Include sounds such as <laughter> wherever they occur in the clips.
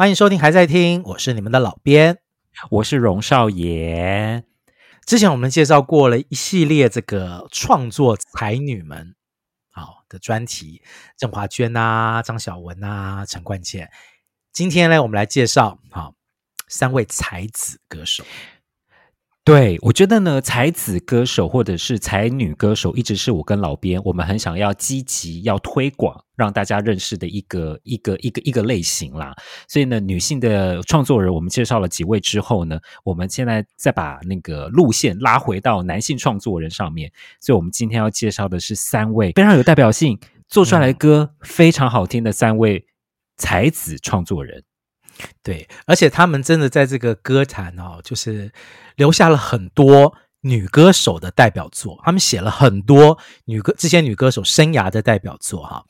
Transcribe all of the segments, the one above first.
歡迎收聽還在聽，我是你們的老編，我是榮少爺。之前我們介紹過了一系列這個創作才女們，好的專題，鄭華娟啊，張小文啊，陳冠蒨。今天呢，我們來介紹好三位才子歌手。對，我覺得呢，才子歌手或者是才女歌手，一直是我跟老編我們很想要積極要推廣，讓大家認識的一個一個一個一個類型啦。所以呢，女性的創作人，我們介紹了幾位之後呢，我們現在再把那個路線拉回到男性創作人上面。所以，我們今天要介紹的是三位非常有代表性、做出來的歌，嗯，非常好聽的三位才子創作人。對，而且他們真的在這個歌壇哦、啊，就是留下了很多女歌手的代表作，他們寫了很多女歌，這些女歌手生涯的代表作哈、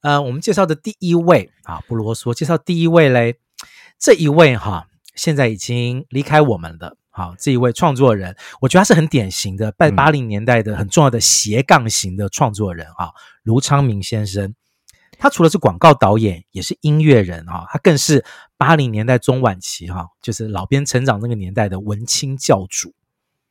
啊。呃，我們介紹的第一位啊，不囉嗦，介紹第一位嘞，這一位哈、啊，現在已經離開我們了。好、啊，這一位創作人，我覺得他是很典型的在八零年代的很重要的斜槓型的創作人啊，盧昌明先生。他除了是廣告導演，也是音樂人啊、哦，他更是八零年代中晚期哈、哦，就是老編成長那個年代的文青教主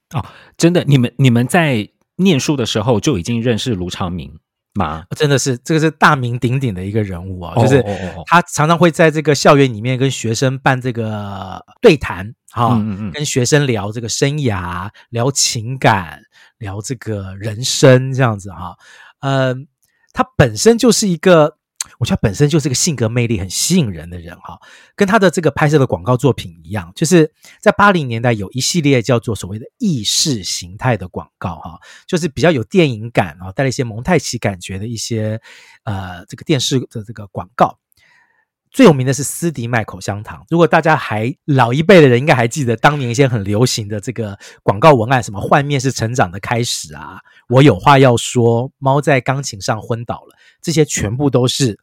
啊、哦！真的，你們你們在念書的時候就已經認識盧昌明嘛、哦，真的是，這個是大名鼎鼎的一個人物啊、哦，哦哦哦哦就是他常常會在這個校園裡面跟學生辦這個對談、哦，哈、嗯嗯嗯，跟學生聊這個生涯，聊情感，聊這個人生，這樣子哈、哦。嗯、呃，他本身就是一個。我覺得他本身就是個性格魅力很吸引人的人哈、哦，跟他的這個拍攝的廣告作品一樣，就是在八零年代有一系列叫做所謂的意識形態的廣告哈、哦，就是比較有電影感啊，帶了一些蒙太奇感覺的一些呃這個電視的這個廣告。最有名的是司迪麥口香糖。如果大家還老一輩的人，應該還記得當年一些很流行的這個廣告文案，什麼“換面是成長的開始”啊，我有話要說，貓在鋼琴上昏倒了，這些全部都是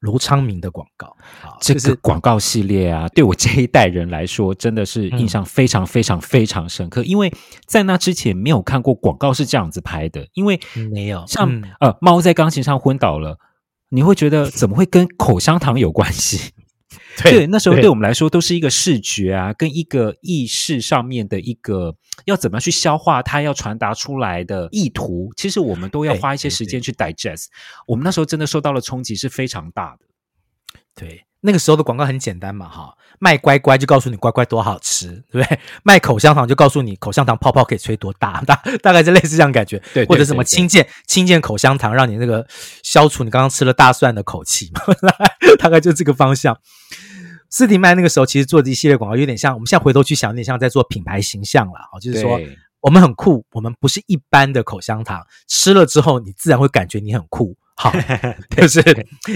盧昌明的廣告。啊、這個廣告系列啊，對我這一代人來說，真的是印象非常非常非常深刻，嗯、因為在那之前沒有看過廣告是這樣子拍的，因為沒有像、嗯、呃貓在鋼琴上昏倒了。你會覺得怎麼會跟口香糖有關係？ <laughs> 對，對，那時候對我們來說都是一個視覺啊，對跟一個意識上面的一個，要怎麼樣去消化它要傳達出來的意圖。其實我們都要花一些時間去 digest。對對對，我們那時候真的受到了衝擊是非常大的，對。那個時候的廣告很簡單嘛，哈，賣乖乖就告訴你乖乖多好吃，對不對？賣口香糖就告訴你口香糖泡泡可以吹多大，大大概就類似這樣的感覺，對，對，對，對，對，或者什麼青箭青箭口香糖讓你那個消除你剛剛吃了大蒜的口氣，大概，大概就這個方向。司迪麥那個時候其實做的一系列廣告有點像，我們現在回頭去想，有點像在做品牌形象了，哦，就是說對我們很酷，我們不是一般的口香糖，吃了之後你自然會感覺你很酷。好， <laughs> 對就是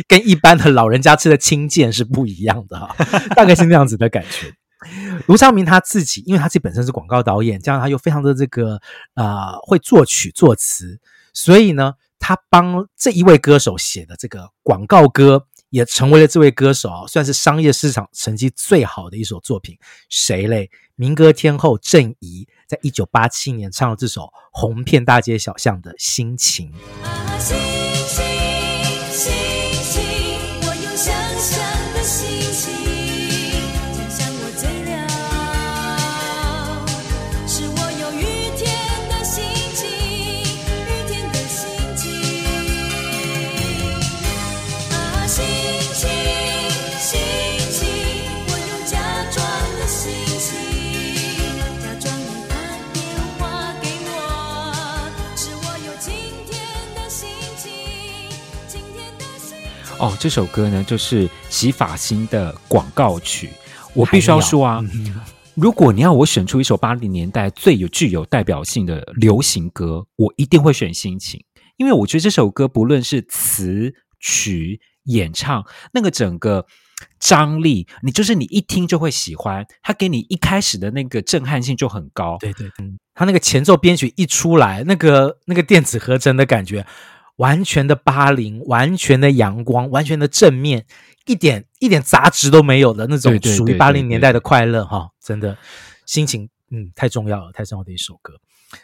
跟一般的老人家吃的清健是不一樣的哈、啊，大概是那樣子的感覺。 <laughs> 盧昌明他自己，因為他自己本身是廣告導演，加上他又非常的這個啊、呃、會作曲作詞，所以呢，他幫這一位歌手寫的這個廣告歌，也成為了這位歌手啊，算是商業市場成績最好的一首作品。誰嘞？民歌天后鄭怡，在一九八七年唱了這首紅遍大街小巷的心情。 <music> 哦，這首歌呢，就是洗髮精的廣告曲。我必須要說啊，嗯嗯，如果你要我選出一首八零年代最有具有代表性的流行歌，我一定會選《心情》，因為我覺得這首歌不論是詞曲演唱，那個整個張力，你就是你一聽就會喜歡，它給你一開始的那個震撼性就很高。對，對對，嗯，它那個前奏編曲一出來，那個那個電子合成的感覺。完全的八零，完全的陽光，完全的正面，一點一點雜質都沒有的那種，屬於八零年代的快樂哈、哦，真的心情嗯太重要了，太重要的一首歌。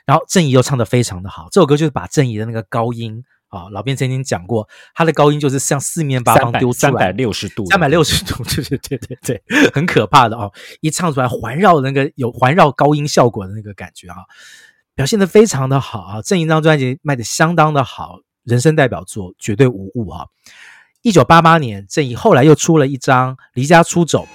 然後鄭怡又唱的非常的好，這首歌就是把鄭怡的那個高音啊、哦，老編曾經講過，他的高音就是像四面八方丟出來三，三百六十度，三百六十度對對、就是、對對對，很可怕的哦，一唱出來環繞的那個有環繞高音效果的那個感覺啊、哦，表現得非常的好啊，鄭怡這張專輯賣的相當的好。人生代表作絕對無誤啊！一九八八年，鄭怡後來又出了一張《離家出走》。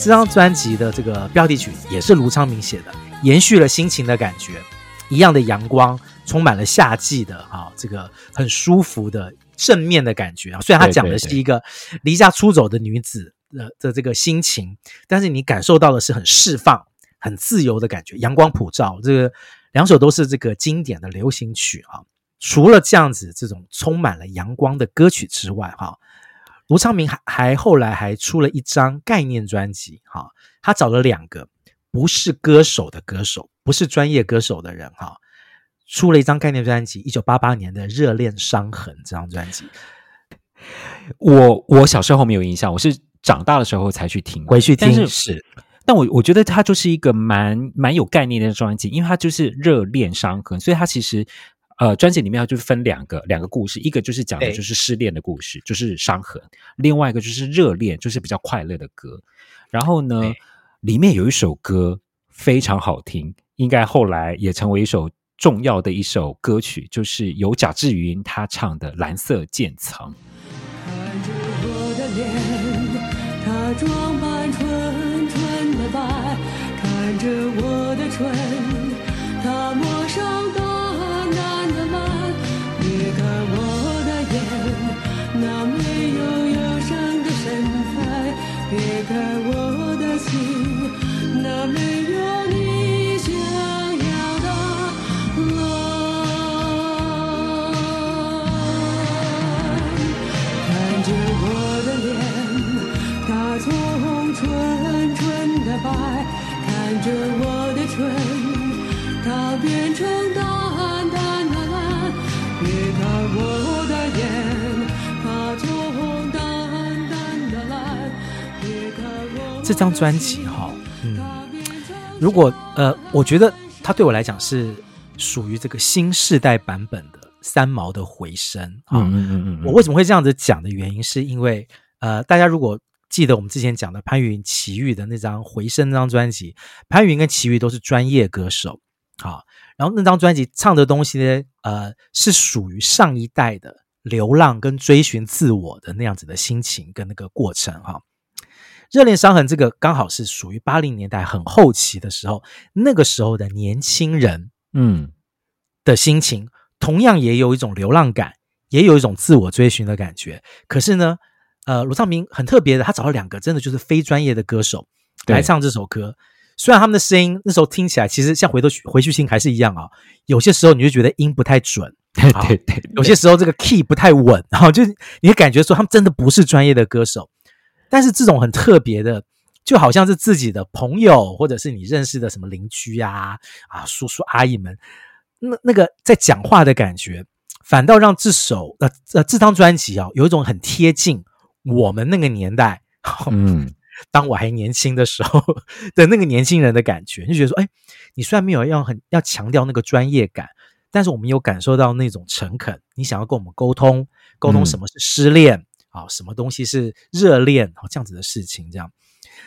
這張專輯的這個標題曲也是盧昌明寫的，延續了心情的感覺，一樣的陽光，充滿了夏季的啊，這個很舒服的正面的感覺啊。雖然他講的是一個離家出走的女子的對對對的這個心情，但是你感受到的是很釋放、很自由的感覺。陽光普照，這個兩首都是這個經典的流行曲啊。除了這樣子這種充滿了陽光的歌曲之外，哈、啊。盧昌明還還後來還出了一張概念專輯，哈，他找了兩個不是歌手的歌手，不是專業歌手的人，哈，出了一張概念專輯，《一九八八年的熱戀傷痕》這張專輯。我我小時候沒有印象，我是長大的時候才去聽，回去聽，是。但我我覺得它就是一個蠻蠻有概念的專輯，因為它就是熱戀傷痕，所以它其實。呃，專輯裡面要就是分兩個兩個故事，一個就是講的就是失戀的故事，欸、就是傷痕；另外一個就是熱戀，就是比較快樂的歌。然後呢，欸、裡面有一首歌非常好聽，應該後來也成為一首重要的一首歌曲，就是由賈志雲他唱的《藍色漸層》。看這張專輯哈，嗯，如果呃，我覺得它對我來講是屬於這個新世代版本的《三毛的回聲》啊，嗯嗯嗯嗯。我為什麼會這樣子講的原因，是因為呃，大家如果記得我們之前講的潘雲齊豫的那張《回聲》那張專輯，潘雲跟齊豫都是專業歌手啊，然後那張專輯唱的東西呢，呃，是屬於上一代的流浪跟追尋自我的那樣子的心情跟那個過程哈。啊熱戀傷痕，這個剛好是屬於八零年代很後期的時候，那個時候的年輕人，嗯的心情，嗯、同樣也有一種流浪感，也有一種自我追尋的感覺。可是呢，呃，盧昌明很特別的，他找了兩個真的就是非專業的歌手來唱這首歌。對雖然他們的聲音那時候聽起來，其實像回頭回去聽還是一樣啊。有些時候你就覺得音不太準，對對對，對，有些時候這個 key 不太穩，然後就你感覺說他們真的不是專業的歌手。但是這種很特別的，就好像是自己的朋友，或者是你認識的什麼鄰居呀、啊、啊叔叔阿姨們，那那個在講話的感覺，反倒讓這首呃呃這，這張專輯啊，有一種很貼近我們那個年代，哦、嗯，當我還年輕的時候的 <laughs> 那個年輕人的感覺，就覺得說，哎，你雖然沒有要很要強調那個專業感，但是我們有感受到那種誠懇，你想要跟我們溝通，溝通什麼是失戀。嗯啊，什麼東西是熱戀啊？這樣子的事情，這樣，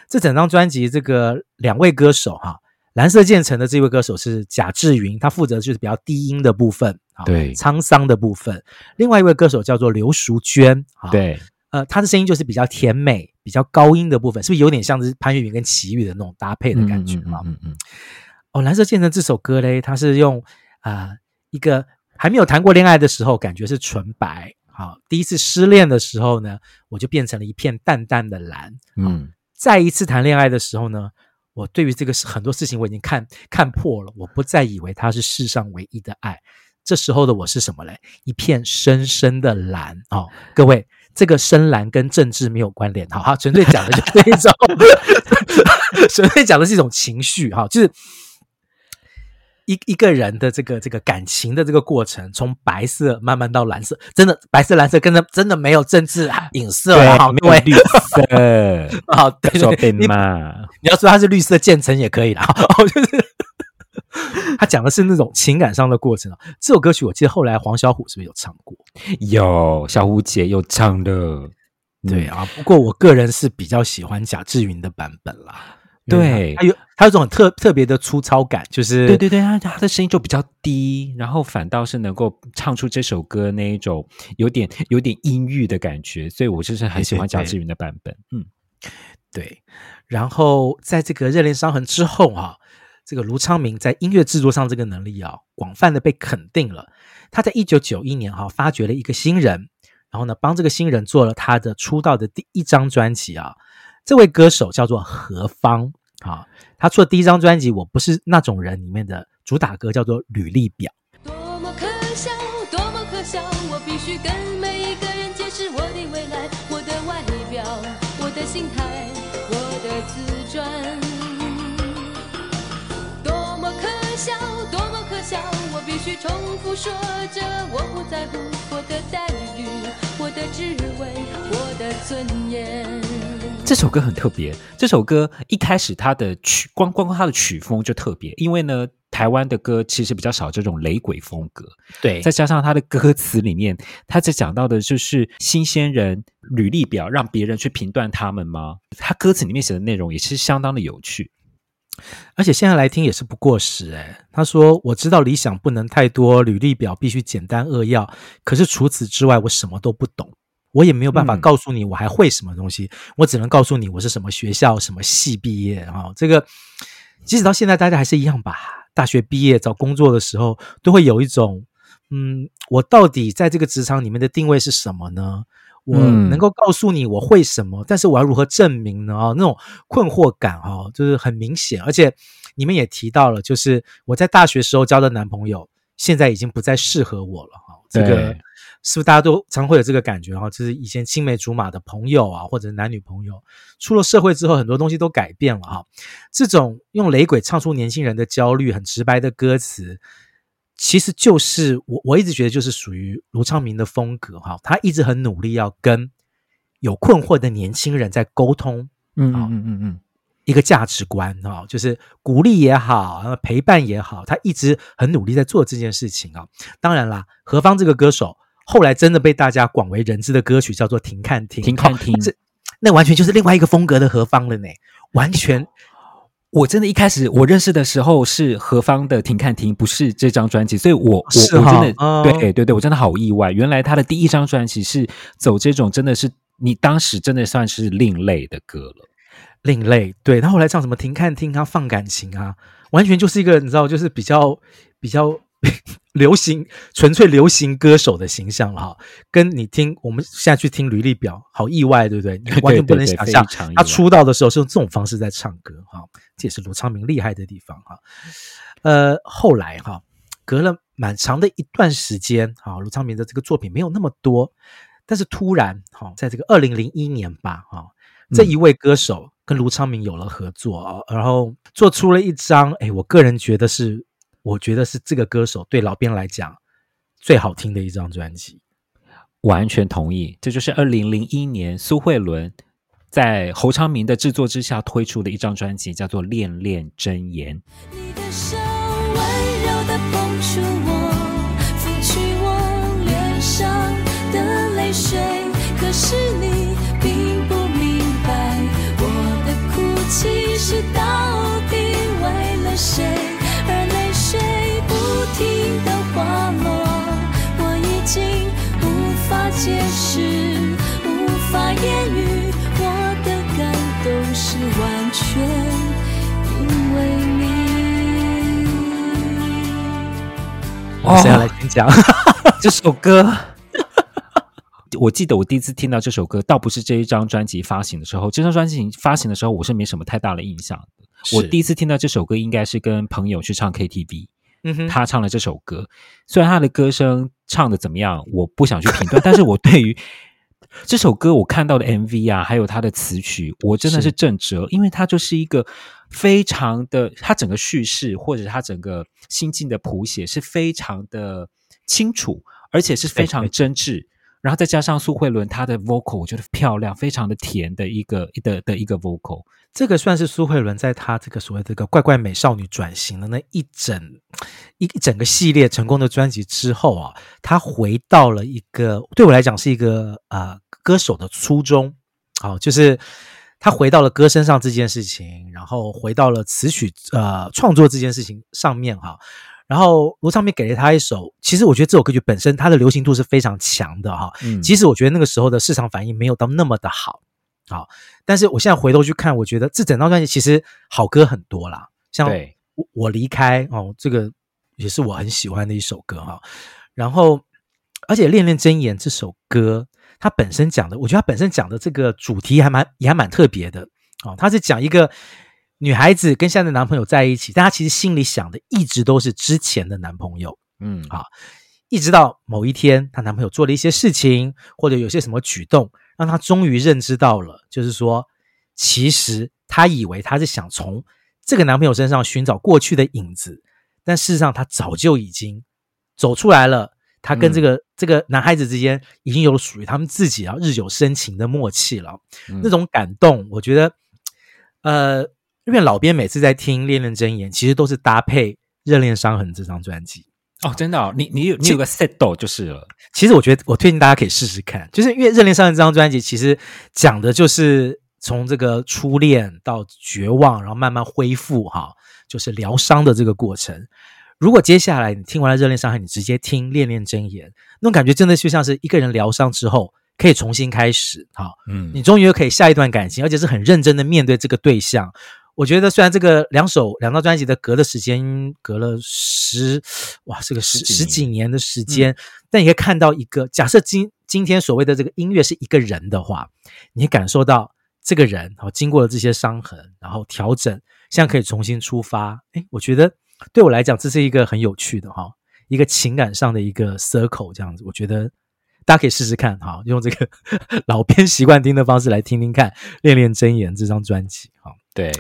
這整張專輯，這個兩位歌手哈、啊，藍色漸層的這位歌手是賈志雲，他負責就是比較低音的部分，對，滄桑的部分。另外一位歌手叫做劉淑娟，對，呃，他的聲音就是比較甜美，比較高音的部分，是不是有點像是潘越雲跟齊豫的那種搭配的感覺嘛？嗯嗯。哦，藍色漸層這首歌嘞，他是用啊、呃、一個還沒有談過戀愛的時候，感覺是純白。好，第一次失戀的時候呢，我就變成了一片淡淡的藍。嗯，再一次談戀愛的時候呢，我對於這個很多事情我已經看看破了，我不再以為它是世上唯一的愛。這時候的我是什麼嘞？一片深深的藍。哦，各位，這個深藍跟政治沒有關聯，好好，純粹講的就這種， <laughs> <laughs> 純粹講的是一種情緒。哈，就是。一一個人的這個這個感情的這個過程，從白色慢慢到藍色，真的白色藍色跟着真的沒有政治影射啊，因為對對綠色啊、 <laughs> 哦，對對對，你要說它是綠色漸層也可以的。 <laughs> <laughs> 他講的是那種情感上的過程啊。這首歌曲我記得後來黃小琥是不是有唱過？有，小琥姐有唱的，對啊。嗯、不過我個人是比較喜歡賈志雲的版本啦。對，還對有還有種很特特別的粗糙感，就是對對對，他他的聲音就比較低，然後反倒是能夠唱出這首歌那一種有點有點陰鬱的感覺，所以我就是很喜歡賈志雲的版本，對對對嗯，對。然後在這個《熱戀傷痕》之後啊，這個盧昌明在音樂製作上這個能力啊，廣泛的被肯定了。他在一九九一年哈、啊、發掘了一個新人，然後呢幫這個新人做了他的出道的第一張專輯啊。這位歌手叫做何方，啊，他出的第一張專輯《我不是那種人》裡面的主打歌叫做《履歷表》。多麼可笑，多麼可笑，我必須跟每一個人解釋我的未來、我的外表、我的心態、我的自尊。多麼可笑，多麼可笑，我必須重複說着我不在乎我的待遇、我的職位、我的尊嚴。這首歌很特別。這首歌一開始，它的曲光光光，它的曲風就特別。因為呢，台灣的歌其實比較少這種雷鬼風格。對，再加上它的歌詞裡面，它在講到的就是新鮮人履歷表，讓別人去評斷他們嗎？他歌詞裡面寫的內容也是相當的有趣，而且現在來聽也是不過時，欸。誒，他說：“我知道理想不能太多，履歷表必須簡單扼要。可是除此之外，我什麼都不懂。”我也沒有辦法告訴你我還會什麼東西，嗯、我只能告訴你我是什麼學校、什麼系畢業啊。這個即使到現在，大家還是一樣吧。大學畢業找工作的時候，都會有一種嗯，我到底在這個職場裡面的定位是什麼呢？我能夠告訴你我會什麼，嗯、但是我要如何證明呢？啊，那種困惑感哦、啊，就是很明顯。而且你們也提到了，就是我在大學時候交的男朋友，現在已經不再適合我了。這個對是不是大家都常會有這個感覺哈？就是以前青梅竹馬的朋友啊，或者男女朋友，出了社會之後，很多東西都改變了哈。這種用雷鬼唱出年輕人的焦慮，很直白的歌詞，其實就是我我一直覺得就是屬於盧昌明的風格哈。他一直很努力要跟有困惑的年輕人在溝通。嗯嗯嗯嗯。一個價值觀哈、哦，就是鼓勵也好，陪伴也好，他一直很努力在做這件事情啊、哦。當然啦，何方這個歌手後來真的被大家廣為人知的歌曲叫做《停看聽》，停看聽，那完全就是另外一個風格的何方了呢。完全， <laughs> 我真的一開始我認識的時候是何方的《停看聽》，不是這張專輯，所以我我哈我真的、嗯、對，對對對，我真的好意外，原來他的第一張專輯是走這種真的是你當時真的算是另類的歌了。另類，對，他後來唱什麼停看聽他、啊、放感情啊，完全就是一個你知道，就是比較比較流行，純粹流行歌手的形象了哈。跟你聽，我們現在去聽履歷表，好意外，對不對？你完全不能想象他出道的時候是用這種方式在唱歌哈、啊啊。這也是盧昌明厲害的地方哈、啊。呃，後來哈、啊，隔了蠻長的一段時間哈，盧、啊、昌明的這個作品沒有那麼多，但是突然哈、啊，在這個二零零一年吧哈、啊，這一位歌手。嗯跟盧昌明有了合作，然後做出了一張，哎，我個人覺得是，我覺得是這個歌手對老編來講最好聽的一張專輯。完全同意，這就是二零零一年蘇慧倫在侯昌明的制作之下推出的一張專輯，叫做《戀戀真言》。你的手溫柔的碰觸我，拂去我臉上的淚水。可是你誰？而淚水不停的滑落，我已經無法解釋，無法言語，我的感動是完全因為你。我現在、哦、來聽講哈哈 <laughs> 這首歌？ <laughs> 我記得我第一次聽到這首歌，倒不是這一張專輯發行的時候，這張專輯發行的時候，我是沒什麼太大的印象。是我第一次聽到這首歌，應該是跟朋友去唱 KTV、嗯、哼他唱了這首歌。雖然他的歌聲唱得怎麼樣，我不想去評斷， <laughs> 但是我對於這首歌我看到的 MV 啊，還有他的詞曲，我真的是震懾，是因為它就是一個非常的，它整個敘事或者它整個心境的譜寫是非常的清楚，而且是非常真摯。欸欸然後再加上蘇慧倫，她的 vocal 我覺得漂亮，非常的甜的一個一的的一個 vocal。這個算是蘇慧倫在她這個所謂這個怪怪美少女轉型的那一整一整個系列成功的專輯之後啊，她回到了一個對我來講是一個呃歌手的初衷，好、啊，就是她回到了歌聲上這件事情，然後回到了詞曲呃創作這件事情上面哈、啊。然後盧昌明給了他一首，其實我覺得這首歌曲本身它的流行度是非常強的哈、哦。嗯，其實我覺得那個時候的市場反應沒有到那麼的好，好、哦。但是我現在回頭去看，我覺得這整張專輯其實好歌很多啦，像我對我離開哦，這個也是我很喜歡的一首歌哈、哦。然後，而且《戀戀真言》這首歌，它本身講的，我覺得它本身講的這個主題還蠻也還蠻特別的，哦，它是講一個。女孩子跟現在的男朋友在一起，但她其實心裡想的一直都是之前的男朋友。嗯，好、啊，一直到某一天，她男朋友做了一些事情，或者有些什麼舉動，讓她終於認知到了，就是說，其實她以為她是想從這個男朋友身上尋找過去的影子，但事實上，她早就已經走出來了。她跟這個、嗯、這個男孩子之間已經有了屬於他們自己啊日久生情的默契了。嗯、那種感動，我覺得，呃。因為老編每次在聽《戀戀真言》，其實都是搭配熱戀傷《熱戀傷痕》這張專輯哦。真的哦，你你有你有個 set do 就是了。其實我覺得，我推薦大家可以試試看，就是因為《熱戀傷痕》這張專輯其實講的就是從這個初戀到絕望，然後慢慢恢復哈，就是療傷的這個過程。如果接下來你聽完了《熱戀傷痕》，你直接聽《戀戀真言》，那種感覺真的就像是一個人療傷之後可以重新開始哈。嗯，你終於又可以下一段感情，而且是很認真的面對這個對象。我覺得雖然這個兩首兩張專輯的隔的時間隔了十哇，這個十十幾年的時間，但你可以看到一個假設今，今天所謂的這個音樂是一個人的話，你感受到這個人好、啊、經過了這些傷痕，然後調整，現在可以重新出發。誒，我覺得對我來講這是一個很有趣的哈、啊，一個情感上的一個 circle 這樣子。我覺得大家可以試試看，哈，用這個老編習慣聽的方式來聽聽看，練練真言這張專輯，好。對，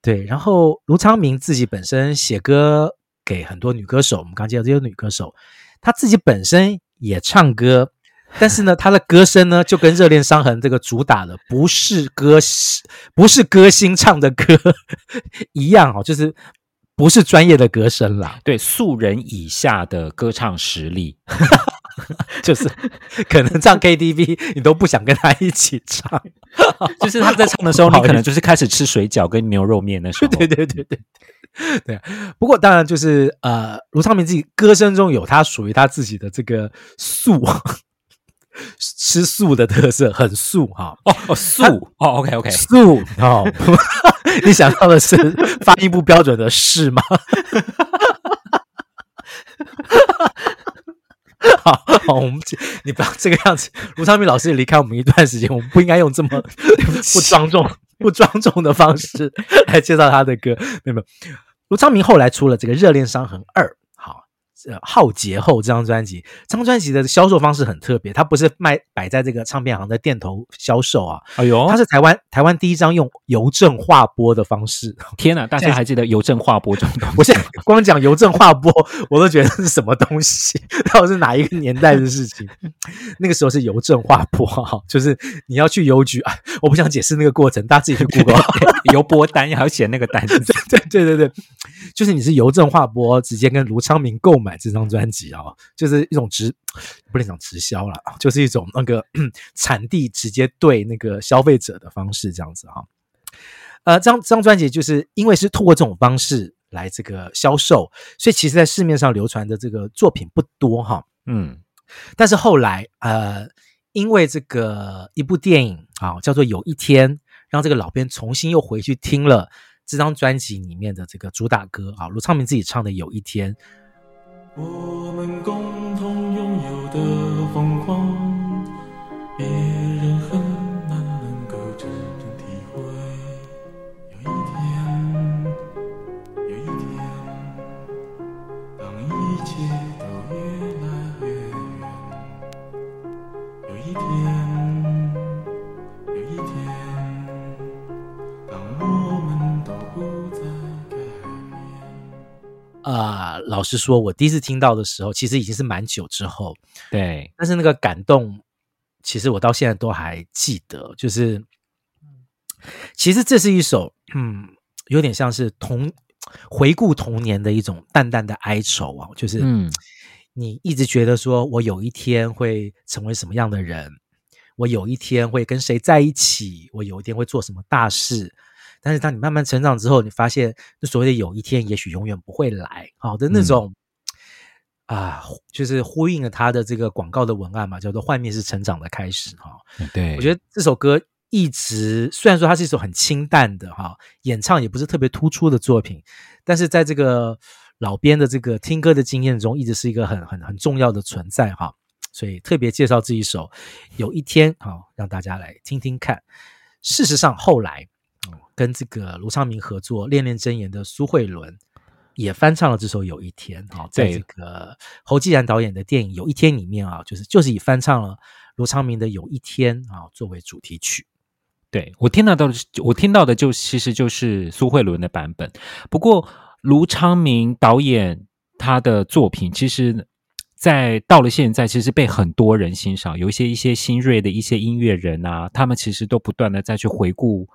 對，然後盧昌明自己本身寫歌給很多女歌手，我們剛介紹這些女歌手，他自己本身也唱歌，但是呢， <laughs> 他的歌聲呢就跟《熱戀傷痕》這個主打的不是歌，不是歌星唱的歌一樣哦，就是不是專業的歌聲啦，對，素人以下的歌唱實力。 <laughs> 就是可能唱 KTV，你都不想跟他一起唱。就是他在唱的時候，你可能就是開始吃水餃跟牛肉麵的時候。對、啊、 <laughs> 對對對對,對、啊。不過當然就是呃，盧昌明自己歌聲中有他屬於他自己的這個素，吃素的特色，很素哈。哦，素哦，OK OK，素哦。Mm hmm. <laughs> <laughs> 你想到的是發音不標準的“ <laughs> 是”嗎？ <laughs> 好好，我們這你不要這個樣子。盧昌明老師也離開我們一段時間，我們不應該用這麼 <laughs> 不莊重、不莊重的方式來介紹他的歌。沒有，盧昌明後來出了這個《熱戀傷痕二》。《浩劫後》這張專輯，這張專輯的銷售方式很特別，它不是賣擺在這個唱片行的店頭銷售啊，哎呦，它是台灣台灣第一張用郵政劃撥的方式。天哪，大家在還記得郵政劃撥這種東西？我現在光講郵政劃撥，我都覺得是什麼東西？到底是哪一個年代的事情？ <laughs> 那個時候是郵政劃撥，就是你要去郵局啊，我不想解釋那個過程，大家自己去 Google <laughs> 郵撥單，要寫那個單子， <laughs> 對，對對對對，就是你是郵政劃撥，直接跟盧昌明購買。買這張專輯啊、哦，就是一種直，不能講直銷啦，就是一種那個產 <coughs> 地直接對那個消費者的方式，這樣子啊、哦。呃，這張這張專輯就是因為是透過這種方式來這個銷售，所以其實在市面上流傳的這個作品不多哈、哦。嗯，但是後來呃，因為這個一部電影啊、哦，叫做《有一天》，讓這個老編重新又回去聽了這張專輯裡面的這個主打歌啊、哦，盧昌明自己唱的《有一天》。我們共同擁有的瘋狂，別人。啊、呃，老實說，我第一次聽到的時候，其實已經是蠻久之後。對，但是那個感動，其實我到現在都還記得。就是，其實這是一首，嗯，有點像是童回顧童年的一種淡淡的哀愁啊。就是，嗯，你一直覺得說我有一天會成為什麼樣的人，我有一天會跟誰在一起，我有一天會做什麼大事。但是當你慢慢成長之後，你發現那所謂的有一天，也許永遠不會來。好、哦、的那種啊、嗯呃，就是呼應了他的這個廣告的文案嘛，叫做“幻滅是成長的開始”哈、哦嗯。對，我覺得這首歌一直雖然說它是一首很清淡的哈、哦，演唱也不是特別突出的作品，但是在這個老編的這個聽歌的經驗中，一直是一個很很很重要的存在哈、哦。所以特別介紹這一首《有一天》啊、哦，讓大家來聽聽看。事實上，後來。跟這個盧昌明合作《戀戀真言》的蘇慧倫也翻唱了這首《有一天》啊，在這個侯繼然導演的電影《有一天》裡面啊，就是就是以翻唱了盧昌明的《有一天》啊作為主題曲對。對我聽到的，我聽到的就其實就是蘇慧倫的版本。不過盧昌明導演他的作品其實，在到了現在其實被很多人欣賞，有一些一些新銳的一些音樂人啊，他們其實都不斷的再去回顧。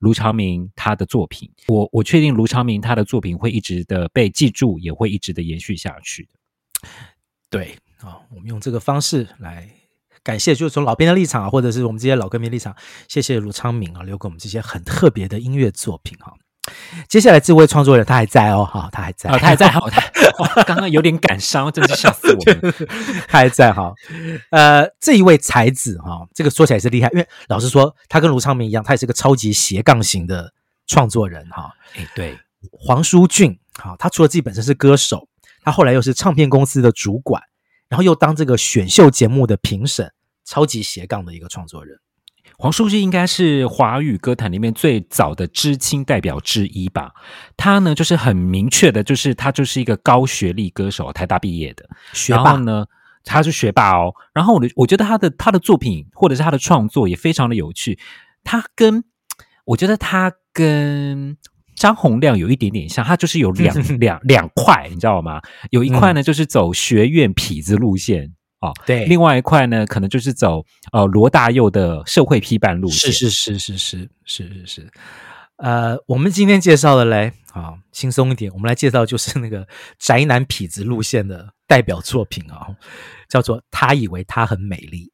盧昌明他的作品，我我確定盧昌明他的作品會一直的被記住，也會一直的延續下去。對啊，我們用這個方式來感謝，就是從老編的立場啊，或者是我們這些老歌迷的立場，謝謝盧昌明啊，留給我們這些很特別的音樂作品啊。接下來，這位創作人，他還在哦，哈，他還在、哦，哦、他還在，好，他，哦他哦剛剛有點感傷，真的是笑死我。 <laughs> 他還在，好，呃，這一位才子哈、哦，這個說起來是厲害，因為老實說，他跟盧昌明一樣，他也是個超級斜槓型的創作人哈、哦。哎，對，黃舒駿，哈，他除了自己本身是歌手，他後來又是唱片公司的主管，然後又當這個選秀節目的評審，超級斜槓的一個創作人。黃舒駿應該是華語歌壇裡面最早的知青代表之一吧。他呢，就是很明確的，就是他就是一個高學歷歌手，台大畢業的。學霸呢，他是學霸哦。然後我的，我覺得他的他的作品或者是他的創作也非常的有趣。他跟我覺得他跟張洪量有一點點像，他就是有兩兩兩塊，你知道嗎？有一塊呢，就是走學院痞子路線。哦，對，另外一塊呢，可能就是走呃羅大佑的社會批判路線，是是，是是是是是是是是，呃，我們今天介紹的嘞，啊、哦、輕鬆一點，我們來介紹就是那個宅男痞子路線的代表作品啊、哦，叫做《他以為他很美麗》。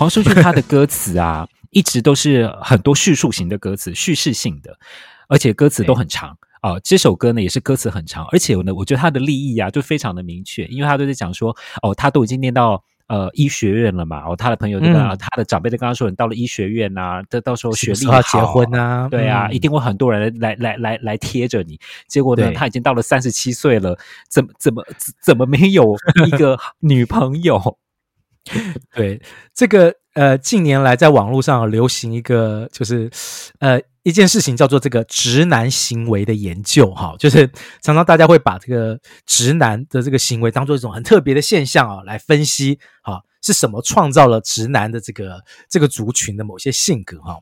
<laughs> 黃舒駿他的歌詞啊，一直都是很多敘述型的歌詞，敘事性的，而且歌詞都很長啊對、呃。這首歌呢，也是歌詞很長，而且呢，我覺得他的立意啊，就非常的明確，因為他都在講說，哦，他都已經念到呃醫學院了嘛，哦，他的朋友、嗯、他的長輩都跟他說，你到了醫學院吶、啊，到到時候學歷時候要結婚吶、啊，嗯、對啊，一定會很多人來來來來貼着你。結果呢，對他已經到了三十七歲了，怎麼怎麼怎麼沒有一個女朋友？ <laughs> <laughs> 對這個呃，近年來在網絡上流行一個就是呃一件事情，叫做這個直男行為的研究哈，就是常常大家會把這個直男的這個行為當做一種很特別的現象啊，來分析哈，是什麼創造了直男的這個這個族群的某些性格哈？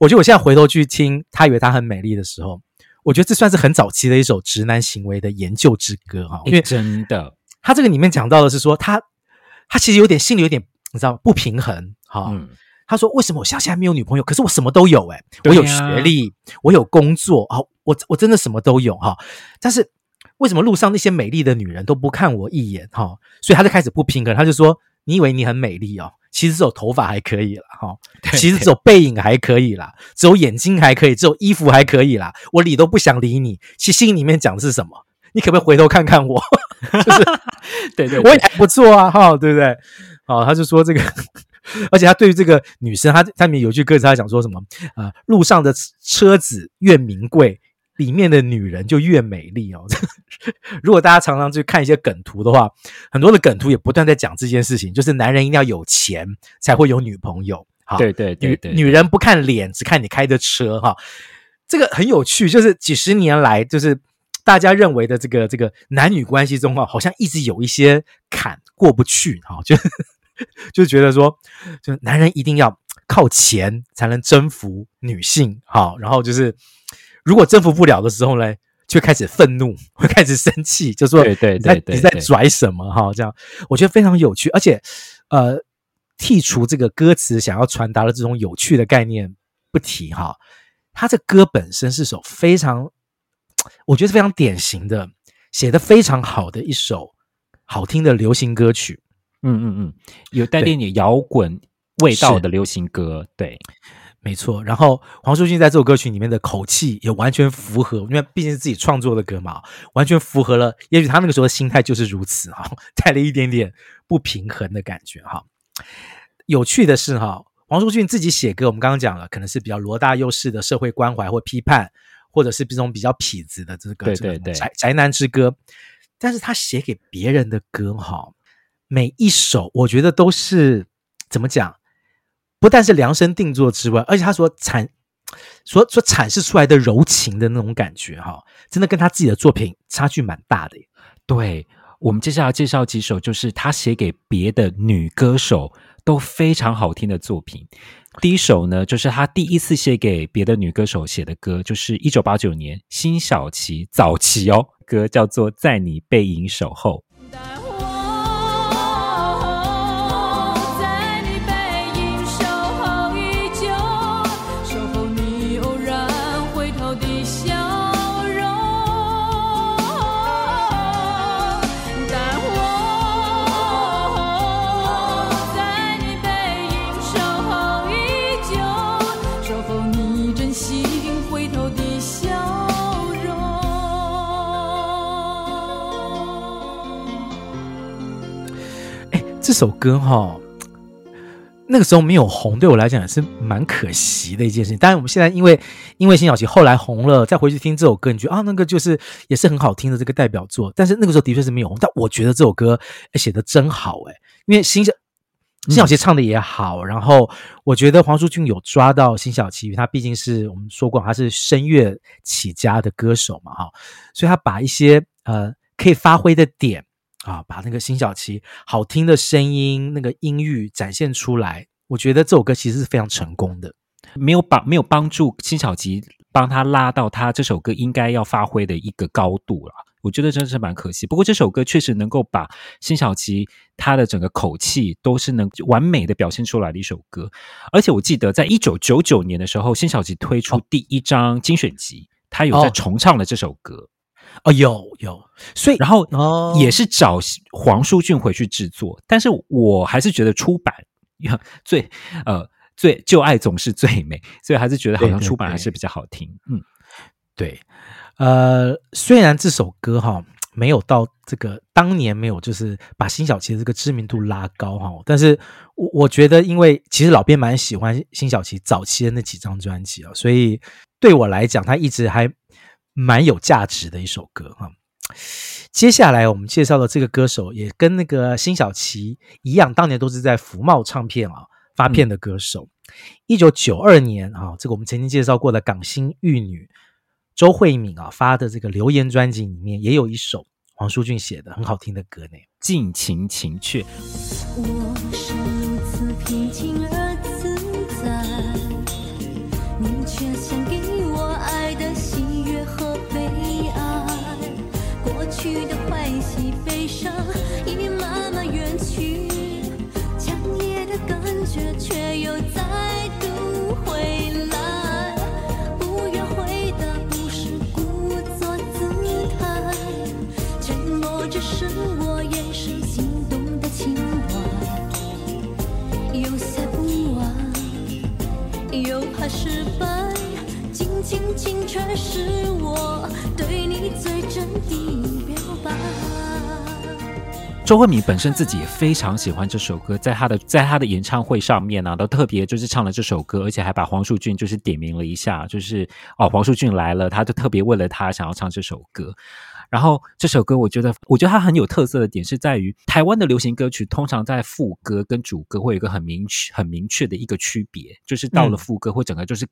我覺得我現在回頭去聽他以為他很美麗的時候，我覺得這算是很早期的一首直男行為的研究之歌哈，因為真的，他這個裡面講到的是說他。他其實有點心裡有點你知道嗎？不平衡哈。哦嗯、他說：“為什麼我現在,現在沒有女朋友？可是我什麼都有哎、欸，對啊、我有學歷，我有工作，啊、哦，我我真的什麼都有哈、哦。但是為什麼路上那些美麗的女人都不看我一眼哈、哦？所以他就開始不平衡，他就說：‘你以為你很美麗哦？其實只有頭髮還可以了哈，哦、對對其實只有背影還可以啦，只有眼睛還可以，只有衣服還可以啦。我理都不想理你。’其實心裡面講的是什麼？”你可不可以回頭看看我？ <laughs> 就是 <laughs> 對對、對，我也還不錯啊，哈，對不對？好，他就說這個，而且他對於這個女生，他下面有句歌詞，他講說什麼？呃，路上的車子越名貴，裡面的女人就越美麗哦。 <laughs> 如果大家常常去看一些梗圖的話，很多的梗圖也不斷在講這件事情，就是男人一定要有錢才會有女朋友，哈，對對對對、對女，女人不看臉，只看你開的車，哈，這個很有趣，就是幾十年來，就是。大家認為的這個這個男女關係中啊，好像一直有一些坎過不去哈，就就覺得說，就男人一定要靠錢才能征服女性哈，然後就是如果征服不了的時候呢，就開始憤怒，會開始生氣，就說你在，對對對對對，你在拽什麼哈？這樣我覺得非常有趣，而且呃，剔除這個歌詞想要傳達的這種有趣的概念不提哈，他這歌本身是首非常。我覺得是非常典型的，寫的非常好的一首好聽的流行歌曲。嗯嗯嗯，有帶點點搖滾味道的流行歌，對，是對沒錯。然後黃舒駿在這首歌曲裡面的口氣也完全符合，因為畢竟是自己創作的歌嘛，完全符合了。也許他那個時候的心態就是如此哈，帶了一點點不平衡的感覺哈。有趣的是哈，黃舒駿自己寫歌，我們剛剛講了，可能是比較羅大佑式的社會關懷或批判。或者是這種比較痞子的這個，對對對，這個宅宅男之歌，但是他寫給別人的歌哈，每一首我覺得都是怎麼講？不但是量身定做之外，而且他所闡所所闡釋出來的柔情的那種感覺哈，真的跟他自己的作品差距蠻大的。對，我們接下來介紹幾首，就是他寫給別的女歌手都非常好聽的作品。第一首呢，就是他第一次寫給別的女歌手寫的歌，就是一九八九年辛曉琪早期哦，歌叫做《在你背影守候》。這首歌哈、哦，那個時候沒有紅，對我來講也是蠻可惜的一件事情。當然我們現在因為因為辛曉琪後來紅了，再回去聽這首歌，你覺得啊，那個就是也是很好聽的這個代表作。但是那個時候的確是沒有紅，但我覺得這首歌寫的真好哎，因為辛曉辛曉琪唱的也好，然後我覺得黃舒駿有抓到辛曉琪，他畢竟是我們說過他是聲樂起家的歌手嘛哈、哦，所以他把一些呃可以發揮的點，啊，把那個辛曉琪好聽的聲音，那個音域展現出來，我覺得這首歌其實是非常成功的，沒有幫沒有幫助辛曉琪幫他拉到他這首歌應該要發揮的一個高度了，我覺得真的是蠻可惜。不過這首歌確實能夠把辛曉琪他的整個口氣都是能完美的表現出來的一首歌，而且我記得在一九九九年的時候，辛曉琪推出第一張精選集，哦，他有在重唱了這首歌。哦哦，有有，所以然後、哦、也是找黃舒駿回去製作，但是我還是覺得初版最呃最舊愛總是最美，所以還是覺得好像初版還是比較好聽，對對對嗯，對，呃，雖然這首歌哈沒有到這個當年沒有，就是把辛曉琪的這個知名度拉高哈，但是我我覺得，因為其實老編蠻喜歡辛曉琪早期的那幾張專輯啊，所以對我來講，他一直還。蠻有價值的一首歌啊，接下來我們介紹的這個歌手也跟那個辛曉琪一樣，當年都是在福茂唱片啊發片的歌手。一九九二年啊，這個我們曾經介紹過的港星玉女、嗯、周慧敏啊發的這個留言專輯裡面也有一首黃舒駿寫的很好聽的歌呢，《盡情情趣》。輕輕，卻是我對你最真的表白。周慧敏本身自己也非常喜歡這首歌，在她的在她的演唱會上面呢、啊，都特別就是唱了這首歌，而且還把黃舒駿就是點名了一下，就是哦，黃舒駿來了，他就特別為了他想要唱這首歌。然後這首歌，我覺得我覺得它很有特色的點是在於台灣的流行歌曲，通常在副歌跟主歌會有一個很明確很明確的一個區別，就是到了副歌、嗯、或者整個就是。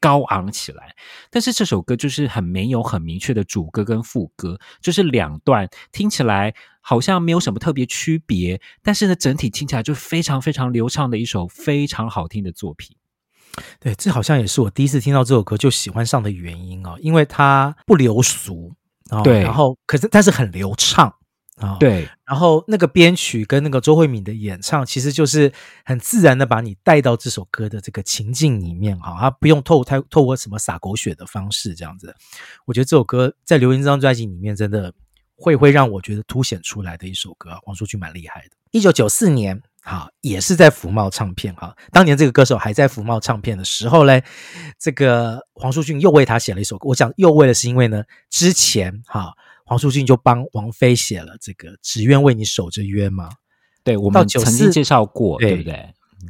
高昂起來，但是這首歌就是很沒有很明確的主歌跟副歌，就是兩段聽起來好像沒有什麼特別區別，但是呢，整體聽起來就非常非常流暢的一首非常好聽的作品。對，這好像也是我第一次聽到這首歌就喜歡上的原因哦，因為它不流俗，對，然後可是但是很流暢。啊，哦、對，然後那個編曲跟那個周慧敏的演唱，其實就是很自然的把你帶到這首歌的這個情境裡面啊，不用透透過什麼撒狗血的方式這樣子。我覺得這首歌在《劉雲章》這張專輯裡面，真的會會讓我覺得凸顯出來的一首歌，黃舒駿蠻厲害的。一九九四年，哈、啊，也是在福茂唱片哈、啊。當年這個歌手還在福茂唱片的時候嘞，這個黃舒駿又為他寫了一首歌。我想又為了是因為呢，之前哈。啊黃舒駿就幫王菲寫了這個“只願為你守着約”嗎？對，到94，我們曾經介紹過，對，對不對？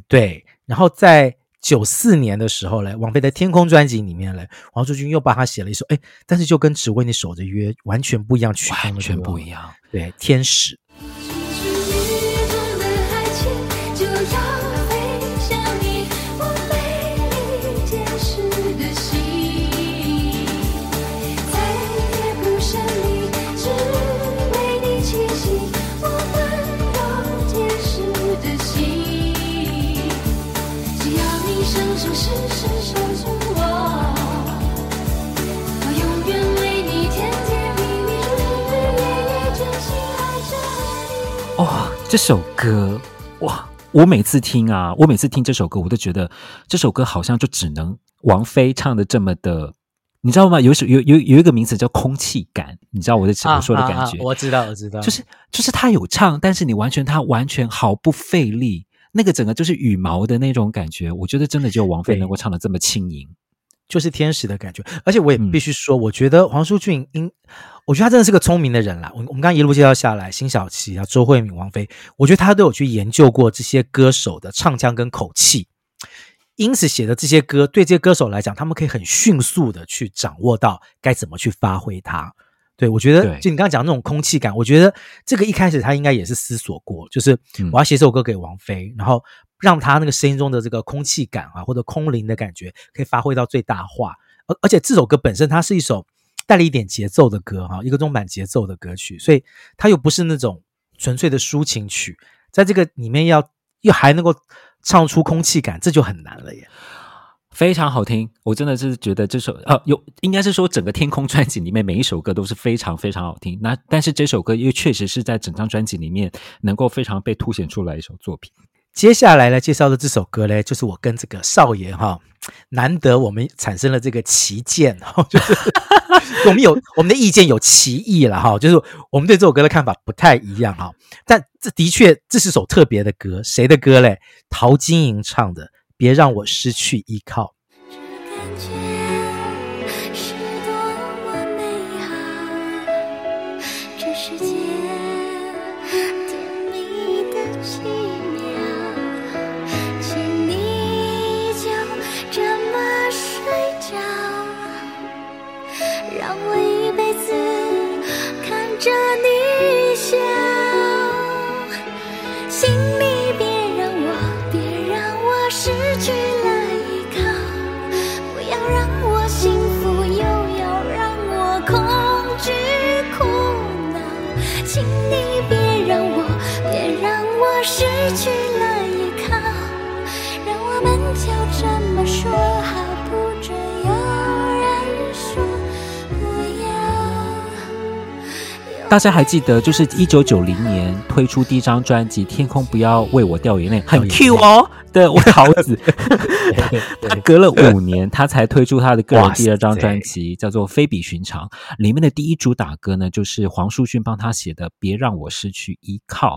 對。然後在九四年的時候嘞，王菲在《天空》專輯裡面嘞，黃舒駿又幫她寫了一首，哎，但是就跟“只為你守着約”完全不一樣曲風，完全不一樣。一樣，對，天使。這首歌，哇！我每次聽啊，我每次聽這首歌，我都覺得這首歌好像就只能王菲唱的這麼的，你知道嗎？有首有有有一個名詞叫“空氣感”，你知道我在能、啊、說的感覺、啊啊？我知道，我知道，就是就是他有唱，但是你完全他完全毫不費力，那個整個就是羽毛的那種感覺，我覺得真的只有王菲能夠唱的這麼輕盈，就是天使的感覺。而且我也必須說，嗯、我覺得黃舒駿應。我覺得他真的是個聰明的人啦。我們我剛，剛一路介紹下來，辛曉琪啊、周慧敏、王菲，我覺得他都有去研究過這些歌手的唱腔跟口氣，因此寫的這些歌對這些歌手來講，他們可以很迅速的去掌握到該怎麼去發揮它。對，我覺得，就你剛才講的那種空氣感，我覺得這個一開始他應該也是思索過，就是我要寫這首歌給王菲，然後讓他那個聲音中的這個空氣感啊，或者空靈的感覺可以發揮到最大化。而而且這首歌本身，它是一首。帶了一點節奏的歌哈，一個中板節奏的歌曲，所以它又不是那種純粹的抒情曲，在這個裡面要又還能夠唱出空氣感，這就很難了耶。非常好聽，我真的是覺得這首呃、啊，有應該是說整個《天空》專輯裡面每一首歌都是非常非常好聽，那但是這首歌又確實是在整張專輯裡面能夠非常被凸顯出來一首作品。接下來呢，介紹的這首歌嘞，就是我跟這個少爺哈，難得我們產生了這個歧見哈，就是我們有 <laughs> 我們的意見有歧義了哈，就是我們對這首歌的看法不太一樣哈，但這的確這是首特別的歌，誰的歌嘞？陶晶瑩唱的《別讓我失去依靠》。大家還記得，就是一九九零年推出第一張專輯《天空》，不要為我掉眼淚，很 Q 哦。的陶子， <laughs> 他隔了五年，他才推出他的個人第二張專輯，叫做《非比尋常》。裡面的第一主打歌呢，就是黃舒駿幫他寫的《別讓我失去依靠》。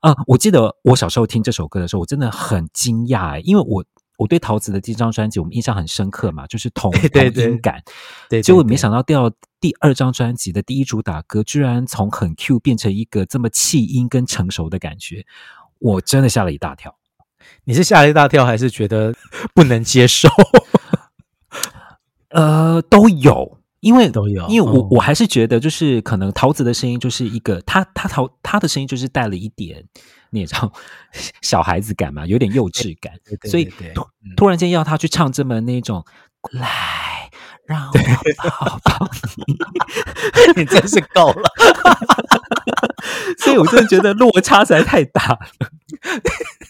啊、嗯，我記得我小時候聽這首歌的時候，我真的很驚訝，哎，因為我我對陶子的第一張專輯我們印象很深刻嘛，就是童童音感。對對對對，結果沒想到第第，第二張專輯的第一主打歌，居然從很 Q 變成一個這麼氣音跟成熟的感覺，我真的嚇了一大跳。你是嚇一大跳，還是覺得不能接受？ <laughs> 呃，都有，因為都有，因為我、哦、我還是覺得，就是可能陶子的聲音就是一個，他他陶他的聲音就是帶了一點，你也知道小孩子感嘛，有點幼稚感，哎、對對對對所以突,突然間要他去唱這麼那種，嗯、來讓我抱抱你，對 <laughs> <laughs> 你真是夠了， <laughs> <laughs> 所以我真的覺得落差實在太大了。 <laughs>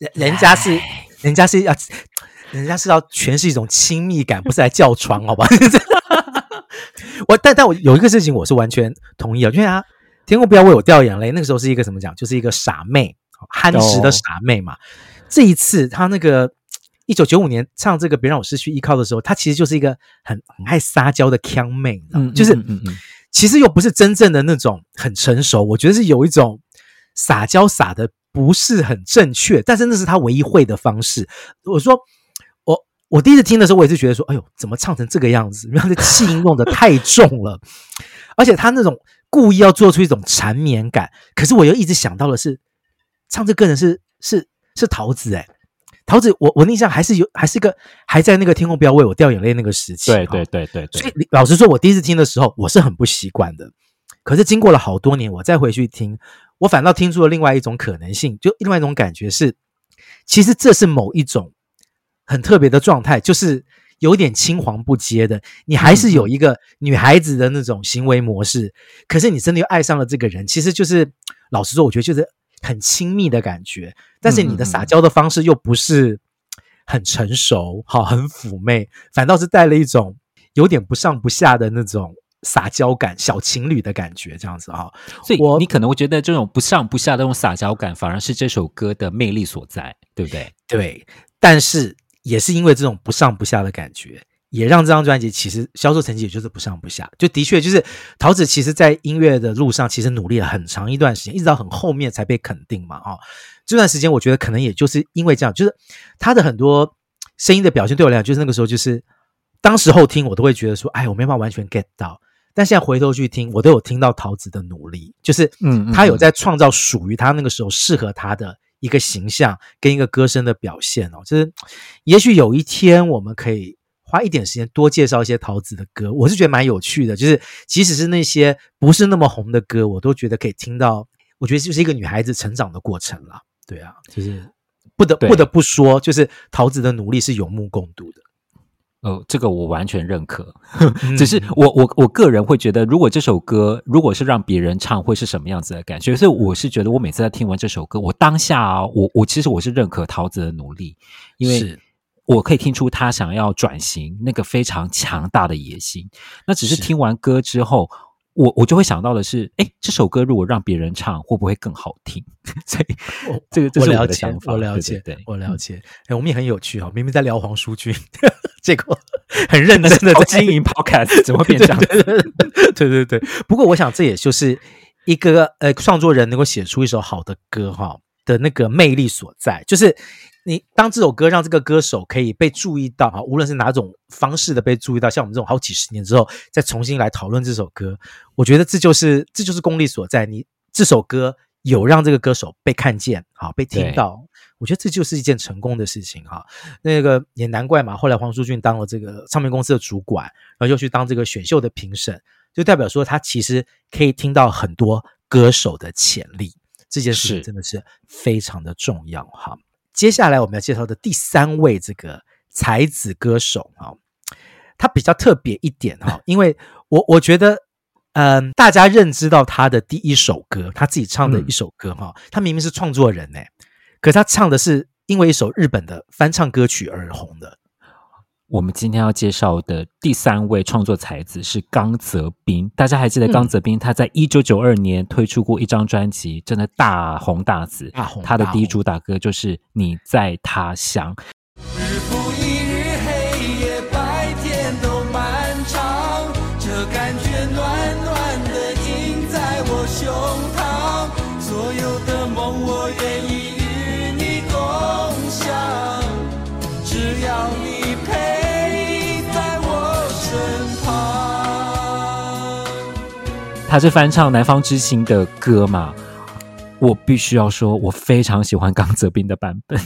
人人家是人家是，人家是要，人家是要詮釋一種親密感，不是來叫床，好 <laughs> 吧？我但但我有一個事情我是完全同意的，因為他天空不要為我掉眼淚，那個時候是一個怎麼講，就是一個傻妹，憨實的傻妹嘛。哦、這一次他那個一九九五年唱這個《別讓我失去依靠》的時候，他其實就是一個很愛撒嬌的腔妹，就是嗯嗯、嗯嗯，其實又不是真正的那種很成熟，我覺得是有一種撒嬌撒的，不是很正確，但是那是他唯一會的方式。我說，我我第一次聽的時候，我也是覺得說，哎呦，怎麼唱成這個樣子？然後這氣音弄得太重了。 <laughs> 而且他那種故意要做出一種纏綿感，可是我又一直想到的是，唱這個人是是是，是陶子哎、欸，陶子我，我我印象還是有，還是一個還在那個天空不要為我掉眼淚那個時期、啊。對對，對對對對，所以老實說，我第一次聽的時候，我是很不習慣的。可是經過了好多年，我再回去聽。我反倒聽出了另外一種可能性，就另外一種感覺是，其實這是某一種很特別的狀態，就是有點青黃不接的，你還是有一個女孩子的那種行為模式，可是你真的又愛上了這個人，其實就是老實說，我覺得就是很親密的感覺，但是你的撒嬌的方式又不是很成熟，好，很嫵媚，反倒是帶了一種有點不上不下的那種。撒嬌感，小情侶的感覺，這樣子啊、哦，所以你可能會覺得這種不上不下的那種撒嬌感，反而是這首歌的魅力所在，對不對？對，但是也是因為這種不上不下的感覺，也讓這張專輯其實銷售成績也就是不上不下。就的確就是陶子，陶其實，在音樂的路上，其實努力了很長一段時間，一直到很後面才被肯定嘛。啊、哦，這段時間，我覺得可能也就是因為這樣，就是他的很多聲音的表現，對我來講，就是那個時候，就是當時候聽，我都會覺得說，哎，我沒辦法完全 get 到。但現在回頭去聽，我都有聽到陶子的努力，就是嗯，她有在創造屬於她那個時候適合她的一個形象跟一個歌聲的表現哦。就是也許有一天我們可以花一點時間多介紹一些陶子的歌，我是覺得蠻有趣的。就是即使是那些不是那麼紅的歌，我都覺得可以聽到，我覺得就是一個女孩子成長的過程了。對啊，就是不得不得不說，對就是陶子的努力是有目共睹的。呃、哦，這個我完全認可，只是我我我個人會覺得，如果這首歌如果是讓別人唱，會是什麼樣子的感覺？所以我是覺得，我每次在聽完這首歌，我當下啊，我我其實我是認可陶子的努力，因為我可以聽出他想要轉型那個非常強大的野心。那只是聽完歌之後。我我就會想到的是，誒，這首歌如果讓別人唱，會不會更好聽？所以我這個就是我的想法，我了解，我了解。誒，我們也很有趣哈、哦，明明在聊黃舒駿，這 <laughs> 個很認的真的 <laughs> 在經營 Podcast 怎麼變這樣？對對對。不過我想，這也就是一個呃，創作人能夠寫出一首好的歌哈、哦、的那個魅力所在，就是。你當這首歌讓這個歌手可以被注意到哈，無論是哪種方式的被注意到，像我們這種好幾十年之後再重新來討論這首歌，我覺得這就是這就是功力所在。你這首歌有讓這個歌手被看見，好，被聽到，對我覺得這就是一件成功的事情哈。那個也難怪嘛，後來黃舒駿當了這個唱片公司的主管，然後又去當這個選秀的評審，就代表說他其實可以聽到很多歌手的潛力，這件事真的是非常的重要哈。接下來我們要介紹的第三位這個才子歌手啊、哦，他比較特別一點哈、哦，因為我我覺得，嗯、呃，大家認知到他的第一首歌，他自己唱的一首歌哈、哦，嗯、他明明是創作人呢，可是他唱的是因為一首日本的翻唱歌曲而紅的。我們今天要介紹的第三位創作才子是剛澤斌。大家還記得剛澤斌他在一九九二年推出過一張專輯，嗯、真的大紅大紫。大紅，大紅，他的第一主打歌就是《你在他鄉》。嗯嗯他是翻唱《南方之星》的歌嘛？我必須要說，我非常喜歡剛澤斌的版本。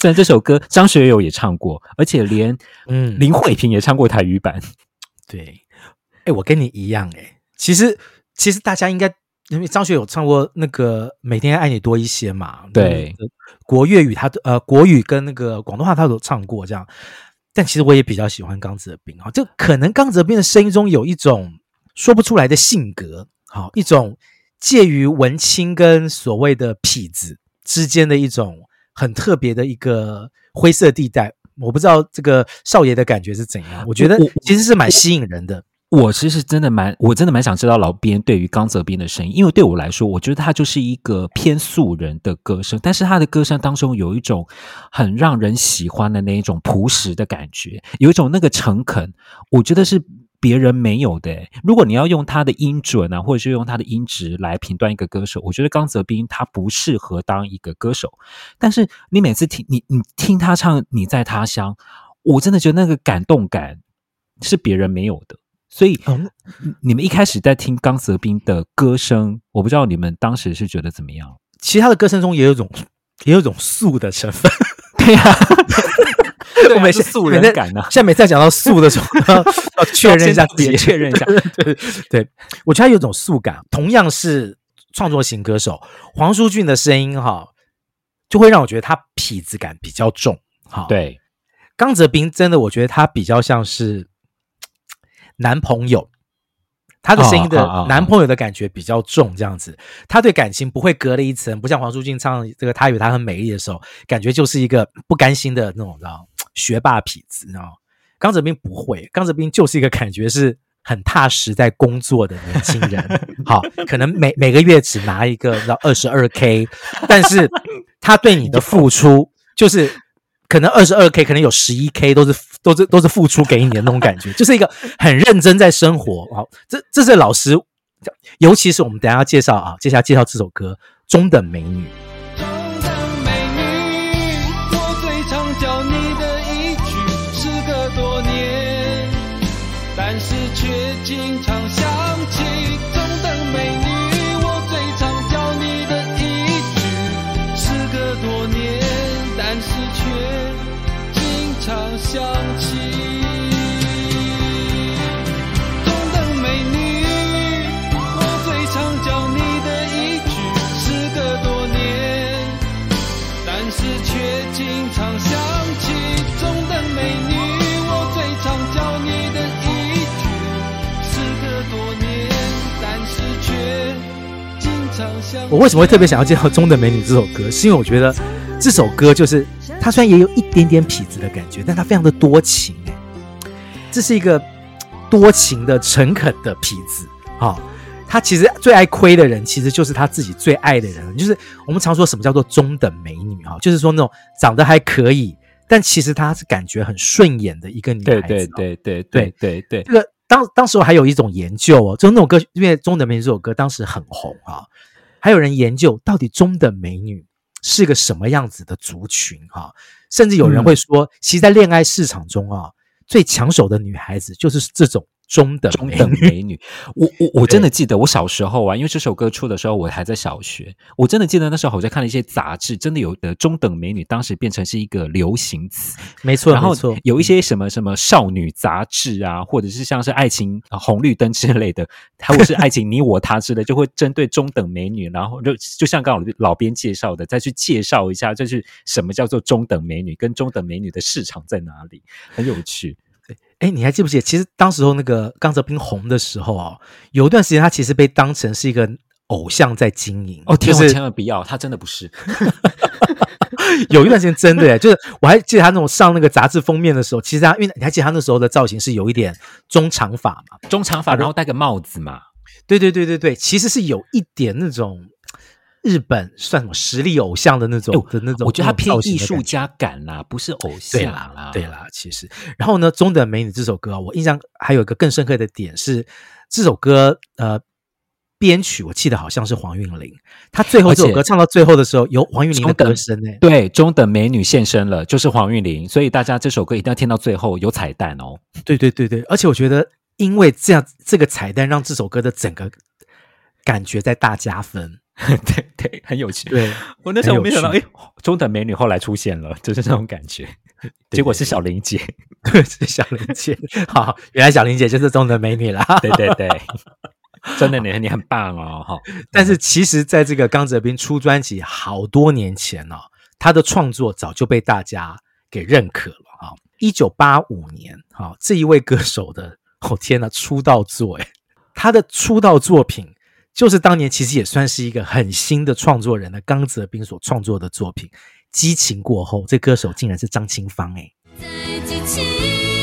雖然這首歌張學友也唱過，而且連嗯林慧萍也唱過台語版。嗯、對，哎、欸，我跟你一樣哎、欸。其實，其實大家應該因為張學友唱過那個《每天愛你多一些》嘛。對，國粵語他呃國語跟那個廣東話他都唱過這樣。但其實我也比較喜歡剛澤斌哈，就可能剛澤斌的聲音中有一種。說不出來的性格，好，一種介於文青跟所謂的痞子之間的一種很特別的一個灰色地帶。我不知道這個少爺的感覺是怎樣，我覺得其實是蠻吸引人的。我其實真的蠻，我真的蠻想知道老編對於剛澤斌的聲音，因為對我來說，我覺得他就是一個偏素人的歌聲，但是他的歌聲當中有一種很讓人喜歡的那一種樸實的感覺，有一種那個誠懇，我覺得是。別人沒有的、欸。如果你要用他的音準啊，或者是用他的音質來評斷一個歌手，我覺得剛澤斌他不適合當一個歌手。但是你每次聽你你聽他唱《你在他鄉》，我真的覺得那個感動感是別人沒有的。所以、嗯、你們一開始在聽剛澤斌的歌聲，我不知道你們當時是覺得怎麼樣。其實他的歌聲中也有種也有種素的成分，對呀。啊、我們素人感啊，現在每次要講到素的時候， <laughs> 要確認一下點，確認一下。 <laughs> 對對，對，對，我覺得他有種素感。同樣是創作型歌手，黃舒駿的聲音哈、哦，就會讓我覺得他痞子感比較重。哦、對，剛澤斌真的，我覺得他比較像是男朋友，哦、他的聲音的、哦、男朋友的感覺比較重，這樣子。他對感情不會隔了一層，不像黃舒駿唱這個“她以為她很美麗”的時候，感覺就是一個不甘心的那種，你知道嗎？學霸痞子，你知道嗎？剛澤斌不會，剛澤斌就是一個感覺是很踏實在工作的年輕人。 <laughs> 好，可能每每個月只拿一個，你知道二十二 k， <laughs> 但是他對你的付出，就是可能二十二 k， <laughs> 可能有十一 k，都是都是都是付出給你的那種感覺， <laughs> 就是一個很認真在生活，好，這這是老師，尤其是我們等下要介紹啊，接下來介紹這首歌《中等美女》。卻經常想起，中等美女，我最常叫你的一句。時隔多年，但是卻經常想起。我為什麼會特別想要介紹《中等美女》這首歌？是因為我覺得這首歌就是，它雖然也有一點點痞子的感覺，但它非常的多情、欸、這是一個多情的、誠懇的痞子啊！他、哦、其實最愛虧的人，其實就是他自己最愛的人，就是我們常說什麼叫做“中等美女”哈、哦，就是說那種長得還可以，但其實他是感覺很順眼的一個女孩子。對，對對對對對對對，對這個當當時我還有一種研究哦，就是、那種歌，因為《中等美女》這首歌當時很紅啊。哦還有人研究到底中等美女是個什麼樣子的族群啊，甚至有人會說，其實在戀愛市場中啊，最搶手的女孩子就是這種。中等美女，中等美女，我我我真的記得我小時候啊，對因為這首歌出的時候我還在小學，我真的記得那時候好像看了一些雜誌，真的有的中等美女當時變成是一個流行詞，沒錯錯，然後有一些什麼什麼少女雜誌啊，嗯、或者是像是愛情紅綠燈之類的，或者是愛情你我他之類， <laughs> 就會針對中等美女，然後就就像剛好老編介紹的，再去介紹一下就是什麼叫做中等美女，跟中等美女的市場在哪裡，很有趣。哎、欸，你還記不記得？其實當時候那個剛澤斌紅的時候啊、哦，有一段時間他其實被當成是一個偶像在經營。哦，天天是千萬不要，他真的不是。 <laughs> <laughs> 有一段時間真的， <laughs> 就是我還記得他那種上那個雜誌封面的時候，其實他因為你還記得他那時候的造型是有一點中長髮嘛，中長髮，然後戴個帽子嘛、啊。對對對對對，其實是有一點那種。日本算什麼實力偶像的那種的那種？我覺得他偏藝術家感啦，不是偶像啦，對啦。其實，然後呢，《中等美女》這首歌，我印象還有一個更深刻的點是，這首歌呃，編曲我記得好像是黃韻玲。他最後這首歌唱到最後的時候，有黃韻玲的歌聲呢。欸對，《中等美女》現身了，就是黃韻玲。所以大家這首歌一定要聽到最後，有彩蛋哦。對對對對，對，而且我覺得，因為這樣這個彩蛋，讓這首歌的整個感覺在大加分。 <laughs> 對對，很有趣。對，我那時候沒想到、欸，中等美女後來出現了，就是這種感覺。對對對結果是小林姐， <laughs> 對，是小林姐。 <laughs> 好，原來小林姐就是中等美女了。 <laughs> 對對對，中等美女很棒哦。哈，但是其實在這個剛澤斌出專輯好多年前了、哦，他的創作早就被大家給認可了。哈、哦，一九八五年，哈、哦，這一位歌手的，哦天哪，出道作，哎，他的出道作品。就是當年其實也算是一個很新的創作人的剛澤斌所創作的作品，激情過後，這個、歌手竟然是張清芳哎、欸。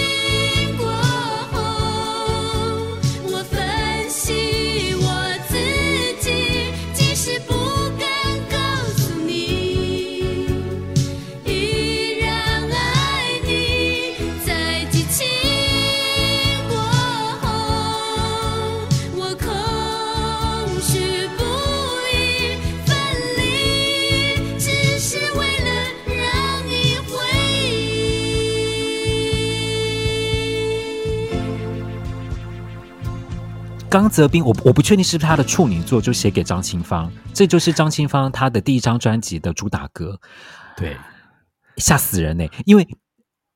剛澤斌，我我不確定是不是他的處女作，就寫給張清芳，這就是張清芳她的第一張專輯的主打歌，對，嚇死人呢、欸！因為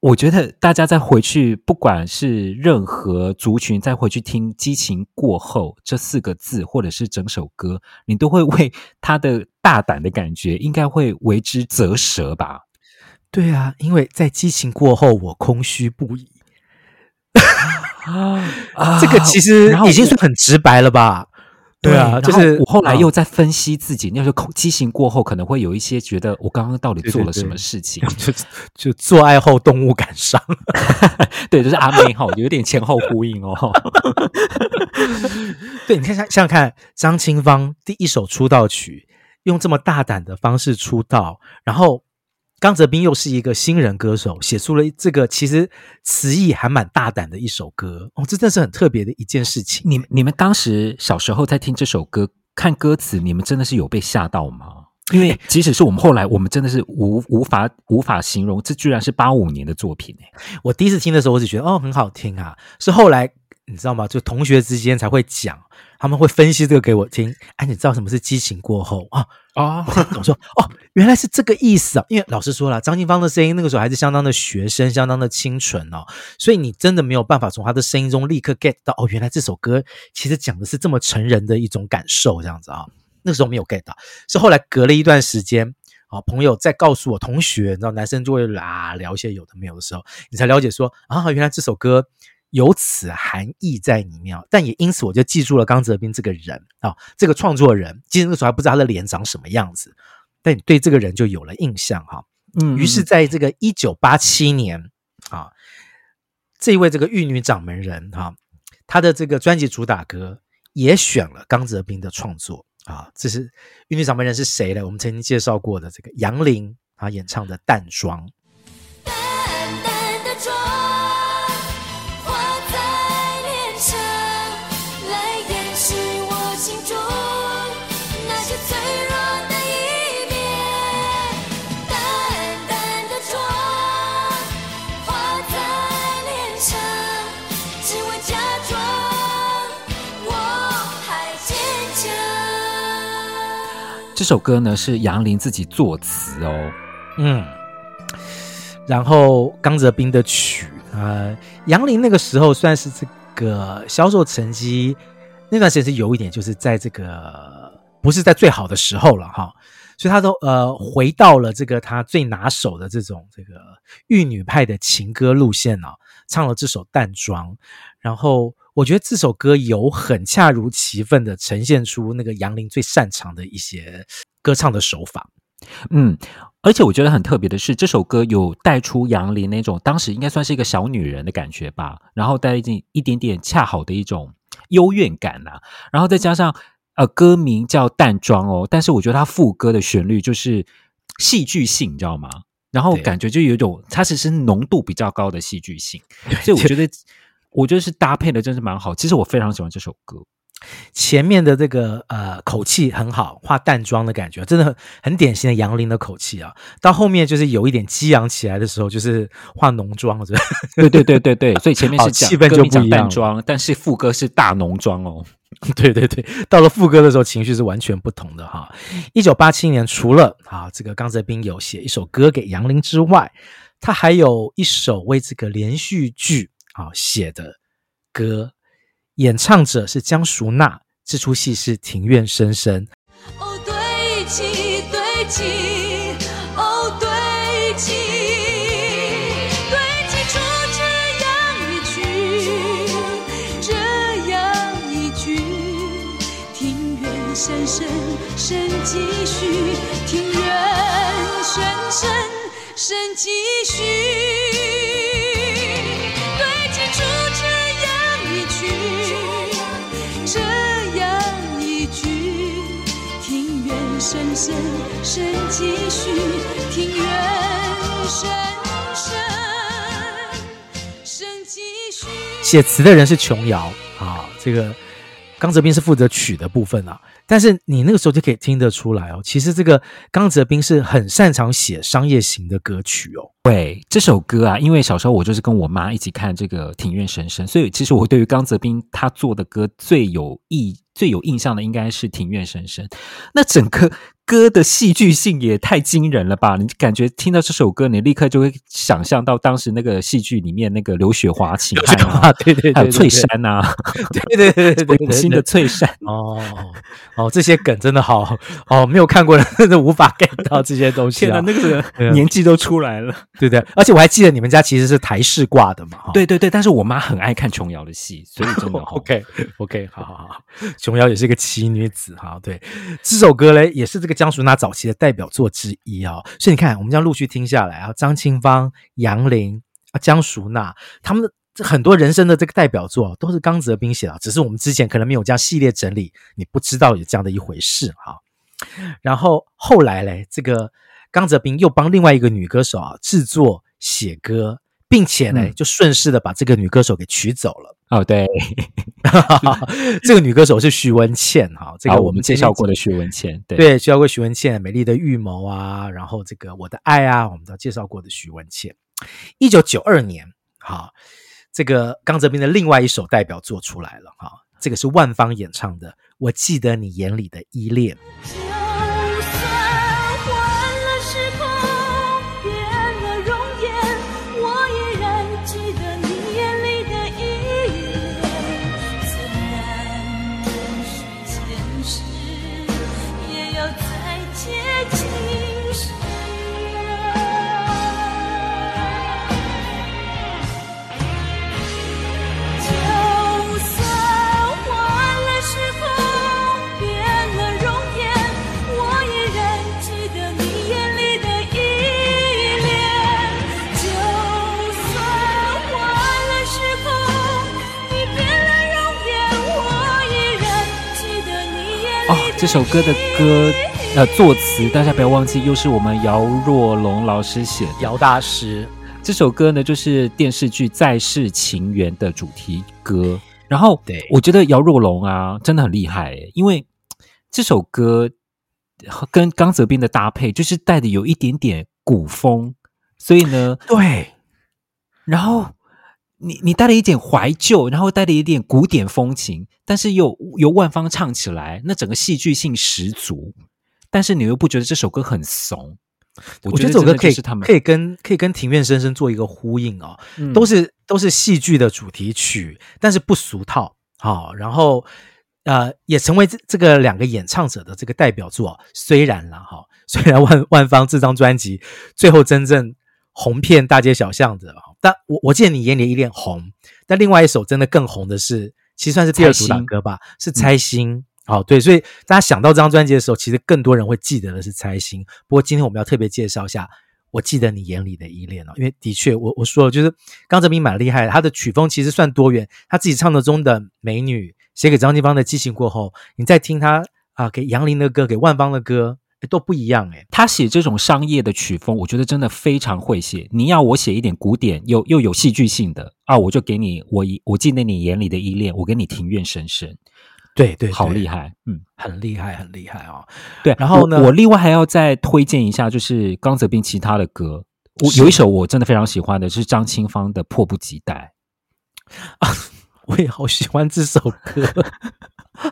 我覺得大家再回去，不管是任何族群，再回去聽“激情過後”這四個字，或者是整首歌，你都會為他的大膽的感覺，應該會為之咋舌吧？對啊，因為在激情過後，我空虛不已。啊啊！啊這個其實已經是很直白了吧？對啊，就是後我後來又在分析自己，那時候口激情過後，可能會有一些覺得我剛剛到底做了什麼事情，對對對對就就做愛後動物感傷。 <laughs> 對，就是阿妹哈，有點前後呼應哦。 <laughs> 對，你看想想看，張清芳第一首出道曲用這麼大膽的方式出道，然後。剛澤斌又是一個新人歌手，寫出了這個其實詞意還蠻大膽的一首歌哦，這真的是很特別的一件事情。你們你們當時小時候在聽這首歌、看歌詞，你們真的是有被嚇到嗎？因為即使是我們後來，我們真的是無無法無法形容，這居然是八五年的作品哎。我第一次聽的時候，我只覺得哦很好聽啊，是後來。你知道嗎？就同學之間才會講，他們會分析這個給我聽。哎，你知道什麼是激情過後啊？啊，我、啊、 <laughs> 說哦，原來是這個意思啊。因為老師說了，張清芳的聲音那個時候還是相當的學生，相當的清純哦，所以你真的沒有辦法從他的聲音中立刻 get 到哦，原來這首歌其實講的是這麼成人的一種感受，這樣子啊、哦。那個時候沒有 get 到，是後來隔了一段時間啊、哦，朋友再告訴我，同學，然後男生就會啊聊一些有的沒有的時候，你才了解說啊，原來這首歌。有此含義在裡面，但也因此我就記住了剛澤斌這個人啊，這個創作人。其實那時候還不知道他的臉長什麼樣子，但你對這個人就有了印象哈。啊、嗯，於是，在這個一九八七年啊，這一位這個玉女掌門人哈、啊，他的這個專輯主打歌也選了剛澤斌的創作啊。這是玉女掌門人是誰呢？我們曾經介紹過的這個楊林啊，演唱的淡《淡妝》。這首歌呢是楊林自己作詞哦，嗯，然後剛澤斌的曲，呃，楊林那個時候算是這個銷售成績那段時間是有一點，就是在這個不是在最好的時候了哈、哦，所以他都呃回到了這個他最拿手的這種這個玉女派的情歌路線哦。唱了這首《淡妝》，然後。我覺得這首歌有很恰如其分的呈現出那個楊林最擅長的一些歌唱的手法，嗯，而且我覺得很特別的是，這首歌有帶出楊林那種當時應該算是一個小女人的感覺吧，然後帶一點、一點點恰好的一種幽怨感吶、啊，然後再加上呃歌名叫淡妝哦，但是我覺得它副歌的旋律就是戲劇性，你知道嗎？然後感覺就有一種對它其實是濃度比較高的戲劇性，對對所以我覺得。 <laughs> 我覺得是搭配的，真是蠻好。其實我非常喜歡這首歌，前面的這個呃口氣很好，化淡妝的感覺，真的很典型的楊林的口氣啊。到後面就是有一點激昂起來的時候，就是化濃妝，是吧？對對對對對。所以前面是講、哦、氣氛就不一樣，淡妝，但是副歌是大濃妝哦。對對對，到了副歌的時候，情緒是完全不同的哈。一九八七年，除了啊這個剛澤斌有寫一首歌給楊林之外，他還有一首為這個連續劇。好寫、哦、的歌，演唱者是江淑娜。這出戲是《庭院深深》哦。哦，堆積、堆積。哦，堆積、堆積。出這樣一句，這樣一句，庭院深深深《庭院深深深幾許庭院深深深幾許聲聲聲繼續，庭院深深深幾許。寫詞的人是瓊瑤啊，這個，剛澤斌是負責曲的部分啊。但是你那個時候就可以聽得出來哦，其實這個剛澤斌是很擅長寫商業型的歌曲哦。對，這首歌啊，因為小時候我就是跟我媽一起看這個《庭院深深》，所以其實我對於剛澤斌他做的歌最有印最有印象的應該是《庭院深深》。那整個。歌的戲劇性也太驚人了吧！你感覺聽到這首歌，你立刻就會想象到當時那個戲劇裡面那個劉雪華情啊，對對對，還有翠山吶，對對對，那個新的翠山哦哦，這些梗真的好好，沒有看過的真的無法 get 到這些東西啊，那個年紀都出來了，對不對？而且我還記得你們家其實是台式掛的嘛，對對對，但是我媽很愛看瓊瑤的戲，所以真的 OK OK，好好好，瓊瑤也是一個奇女子哈，對，這首歌嘞也是這個。江淑娜早期的代表作之一哦，所以你看，我們將陸續聽下來啊，張清芳、楊林啊、江淑娜，他們的很多人生的這個代表作都是剛澤斌寫的，只是我們之前可能沒有這樣系列整理，你不知道有這樣的一回事哈、啊。然後後來嘞，這個剛澤斌又幫另外一個女歌手啊制作寫歌。並且呢，嗯、就順勢的把這個女歌手給娶走了。哦，對， <laughs> <laughs> 這個女歌手是徐文倩哈，這個我們，我們介紹過的徐文倩，對，對介紹過徐文倩，《美麗的預謀》啊，然後這個《我的愛》啊，我們都介紹過的徐文倩。一九九二年，好、啊，這個剛澤斌的另外一首代表作出來了，哈、啊，這個是萬芳演唱的，《我記得你眼裡的依戀》。這首歌的歌，呃，作詞大家不要忘記，又是我們姚若龍老師寫的，姚大師。這首歌呢，就是電視劇《再世情緣》的主題歌。然後，對，我覺得姚若龍啊，真的很厲害，因為這首歌跟剛澤斌的搭配，就是帶的有一點點古風，所以呢，對，然後。你你帶了一點懷舊，然後帶了一點古典風情，但是又由萬芳唱起來，那整個戲劇性十足。但是你又不覺得這首歌很慫？對我覺得這首歌可以，可以跟可以跟庭院深深做一個呼應哦，嗯、都是都是戲劇的主題曲，但是不俗套。好、哦，然後呃，也成為這，這個兩個演唱者的這個代表作。雖然了哈、哦，雖然萬萬芳這張專輯最後真正。紅遍大街小巷的，但我我記得你眼裡的依戀紅，但另外一首真的更紅的是，其實算是第二主打歌吧，是《猜心》。哦，對，所以大家想到這張專輯的時候，其實更多人會記得的是《猜心》。不過今天我們要特別介紹一下《我記得你眼裡的依戀》哦，因為的確，我我說了，就是剛澤斌蠻厲害的，他的曲風其實算多元。他自己唱的中的《美女》，寫給張清芳的《激情過後》，你再聽他啊給楊林的歌，給萬芳的歌。都不一樣哎、欸，他寫這種商業的曲風，我覺得真的非常會寫。你要我寫一點古典又又有戲劇性的啊，我就給你我依我記得你眼裡的依戀，我給你庭院深深，嗯、對，對對，好厲害，嗯，很厲害，很厲害啊、哦。對，然後呢我，我另外還要再推薦一下，就是剛澤斌其他的歌，是我有一首我真的非常喜歡的，是張清芳的《迫不及待》啊， <laughs> 我也好喜歡這首歌。 <laughs>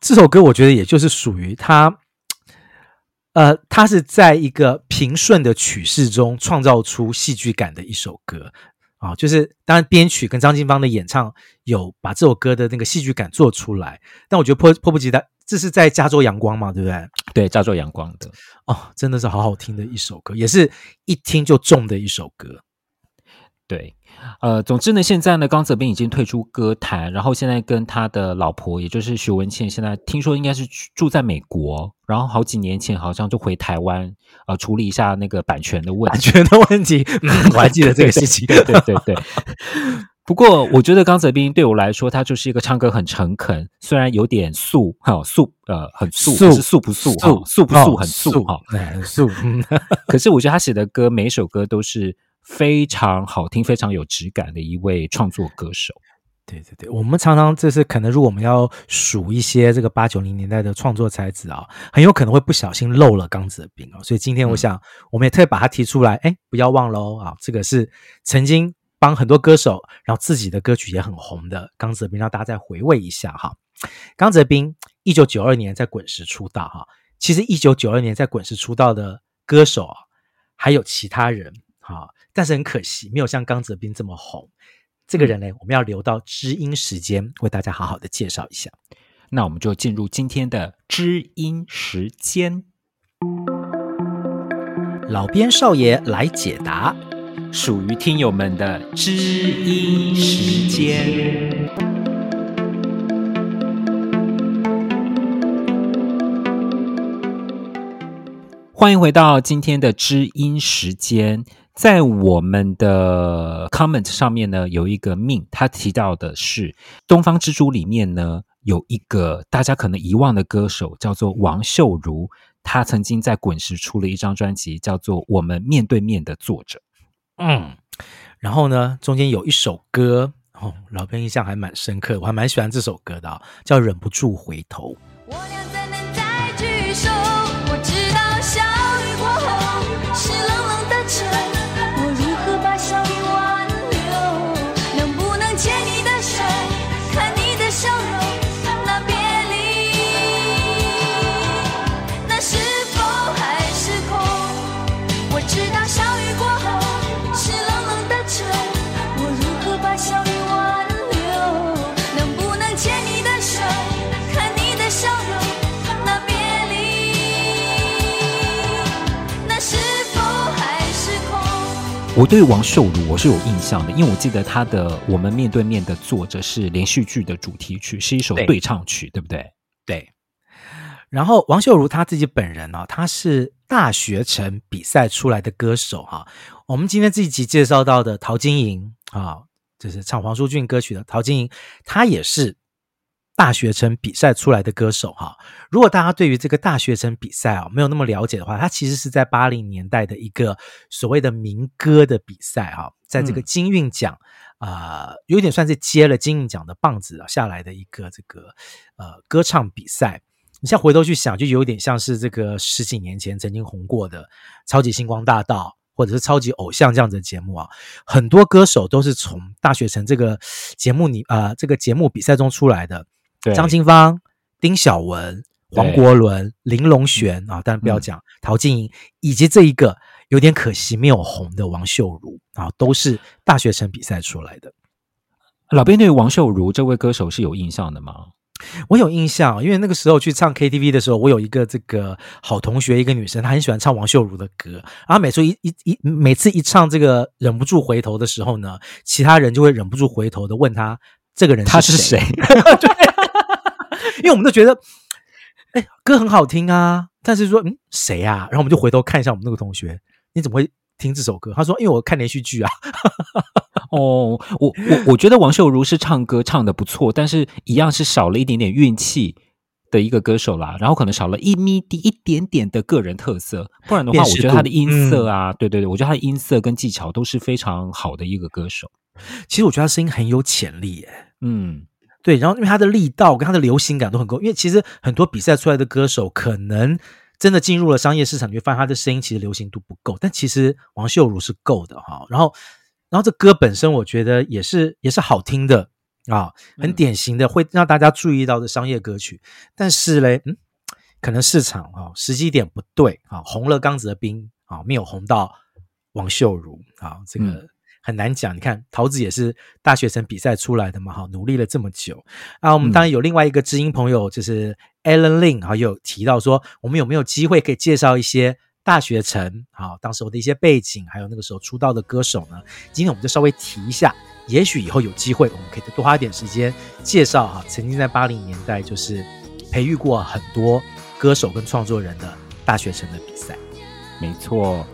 這首歌我覺得也就是屬於他，呃，他是在一個平順的曲式中創造出戲劇感的一首歌啊，就是當然編曲跟張清芳的演唱有把這首歌的那個戲劇感做出來，但我覺得迫迫不及待，這是在加州陽光嘛，對不對？對，加州陽光的哦，真的是好好聽的一首歌，也是一聽就中的一首歌，對。呃，總之呢，現在呢，剛澤斌已經退出歌壇，然後現在跟他的老婆，也就是徐文倩，現在聽說應該是住在美國，然後好幾年前好像就回台灣，呃，處理一下那個版權的問題，版權的問題。嗯、我還記得這個事情。嗯、對，對，對對對。 <laughs> 不過，我覺得剛澤斌對我來說，他就是一個唱歌很誠懇，雖然有點素哈、哦、素呃很素，素是素不素素不素很素哈很素，可是我覺得他寫的歌，每一首歌都是。非常好聽、非常有質感的一位創作歌手。對對對，我們常常就是可能，如果我們要數一些這個八九零年代的創作才子啊，很有可能會不小心漏了剛澤斌啊。所以今天我想，我們也特別把他提出來，哎，不要忘咯。啊！這個是曾經幫很多歌手，然後自己的歌曲也很紅的剛澤斌，讓大家再回味一下哈。剛澤斌一九九二年在滾石出道哈、啊。其實一九九二年在滾石出道的歌手啊，還有其他人哈。啊但是很可惜，沒有像剛澤斌這麼紅。這個人嘞，我們要留到知音時間為大家好好的介紹一下。那我們就進入今天的知音時間，老編少爺來解答，屬於聽友們的知音時間。歡迎回到今天的知音時間。在我們的 comment 上面呢，有一個名，他提到的是《東方之珠》裡面呢，有一個大家可能遺忘的歌手，叫做王秀如，他曾經在滾石出了一張專輯，叫做《我們面對面的坐着》。嗯，然後呢，中間有一首歌，哦、老編印象還蠻深刻，我還蠻喜歡這首歌的、哦，叫《忍不住回頭》。我倆在我對王秀茹，我是有印象的，因為我記得他的《我們面對面》的作者是連續劇的主題曲，是一首對唱曲，對，對不對？對。然後王秀茹他自己本人呢、哦，他是大學城比賽出來的歌手哈、啊。我們今天這一集介紹到的陶晶瑩啊，就是唱黃舒駿歌曲的陶晶瑩，她也是。大學城比賽出來的歌手哈、啊，如果大家對於這個大學城比賽啊沒有那麼了解的話，它其實是在八零年代的一個所謂的民歌的比賽哈，在這個金韻獎啊，有點算是接了金韻獎的棒子、啊、下來的一個這個呃歌唱比賽。你現在回頭去想，就有點像是這個十幾年前曾經紅過的《超級星光大道》或者是《超級偶像》這樣子的節目啊，很多歌手都是從大學城這個節目裡，啊這個節目比賽中出來的。張清對芳、丁曉雯、黃國倫、對林隆璇啊，但不要講、嗯、陶晶瑩，以及這一個有點可惜沒有紅的王秀茹啊，都是大學城比賽出來的。老編對王秀茹這位歌手是有印象的嗎、嗯？我有印象，因為那個時候去唱 KTV 的時候，我有一個這個好同學，一個女生，她很喜歡唱王秀茹的歌，然後每次一一一每次一唱這個忍不住回頭的時候呢，其他人就會忍不住回頭的問她，這個人是他是誰？ <laughs> 就 <laughs> 因為我們都覺得，哎，歌很好聽啊，但是說，嗯，誰啊？然後我們就回頭看一下我們那個同學，你怎麼會聽這首歌？他說，因為我看連續劇啊。哦、 <laughs> oh,，我我我覺得王秀如是唱歌唱得不錯，但是一樣是少了一點點運氣的一個歌手啦。然後可能少了一米的一點點的個人特色，不然的話，我覺得他的音色啊，嗯、對對對，我覺得他的音色跟技巧都是非常好的一個歌手。其實我覺得他聲音很有潛力、欸，哎，嗯。對，然後因為他的力道，跟他的流行感都很夠，因為其實很多比賽出來的歌手，可能真的進入了商業市場，你會發現他的聲音其實流行度不夠。但其實王秀茹是夠的哈。然後，然後這歌本身我覺得也是也是好聽的啊，很典型的、嗯、會讓大家注意到的商業歌曲。但是嘞，嗯，可能市場啊時機點不對啊，紅了剛澤斌啊，沒有紅到王秀茹啊這個。嗯很難講，你看桃子也是大學城比賽出來的嘛，哈，努力了這麼久啊。我們當然有另外一個知音朋友，嗯、就是 Alan Lin 哈，也有提到說，我們有沒有機會可以介紹一些大學城啊，當時候的一些背景，還有那個時候出道的歌手呢？今天我們就稍微提一下，也許以後有機會，我們可以再多花點時間介紹哈，曾經在八零年代就是培育過很多歌手跟創作人的大學城的比賽。沒錯，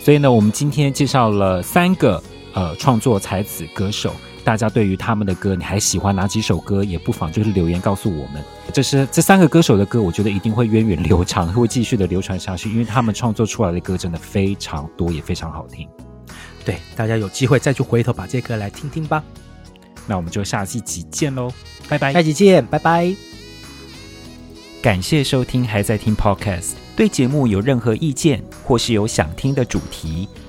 所以呢，我們今天介紹了三個。呃，創作才子歌手，大家對於他們的歌，你還喜歡哪幾首歌？也不妨就是留言告訴我們。這是這三個歌手的歌，我覺得一定會源遠流長，會繼續的流傳下去，因為他們創作出來的歌真的非常多，也非常好聽。對，大家有機會再去回頭把這歌來聽聽吧。那我們就下期集見嘍，拜拜！下期見，拜拜！感謝收聽，還在聽 Podcast？對節目有任何意見，或是有想聽的主題？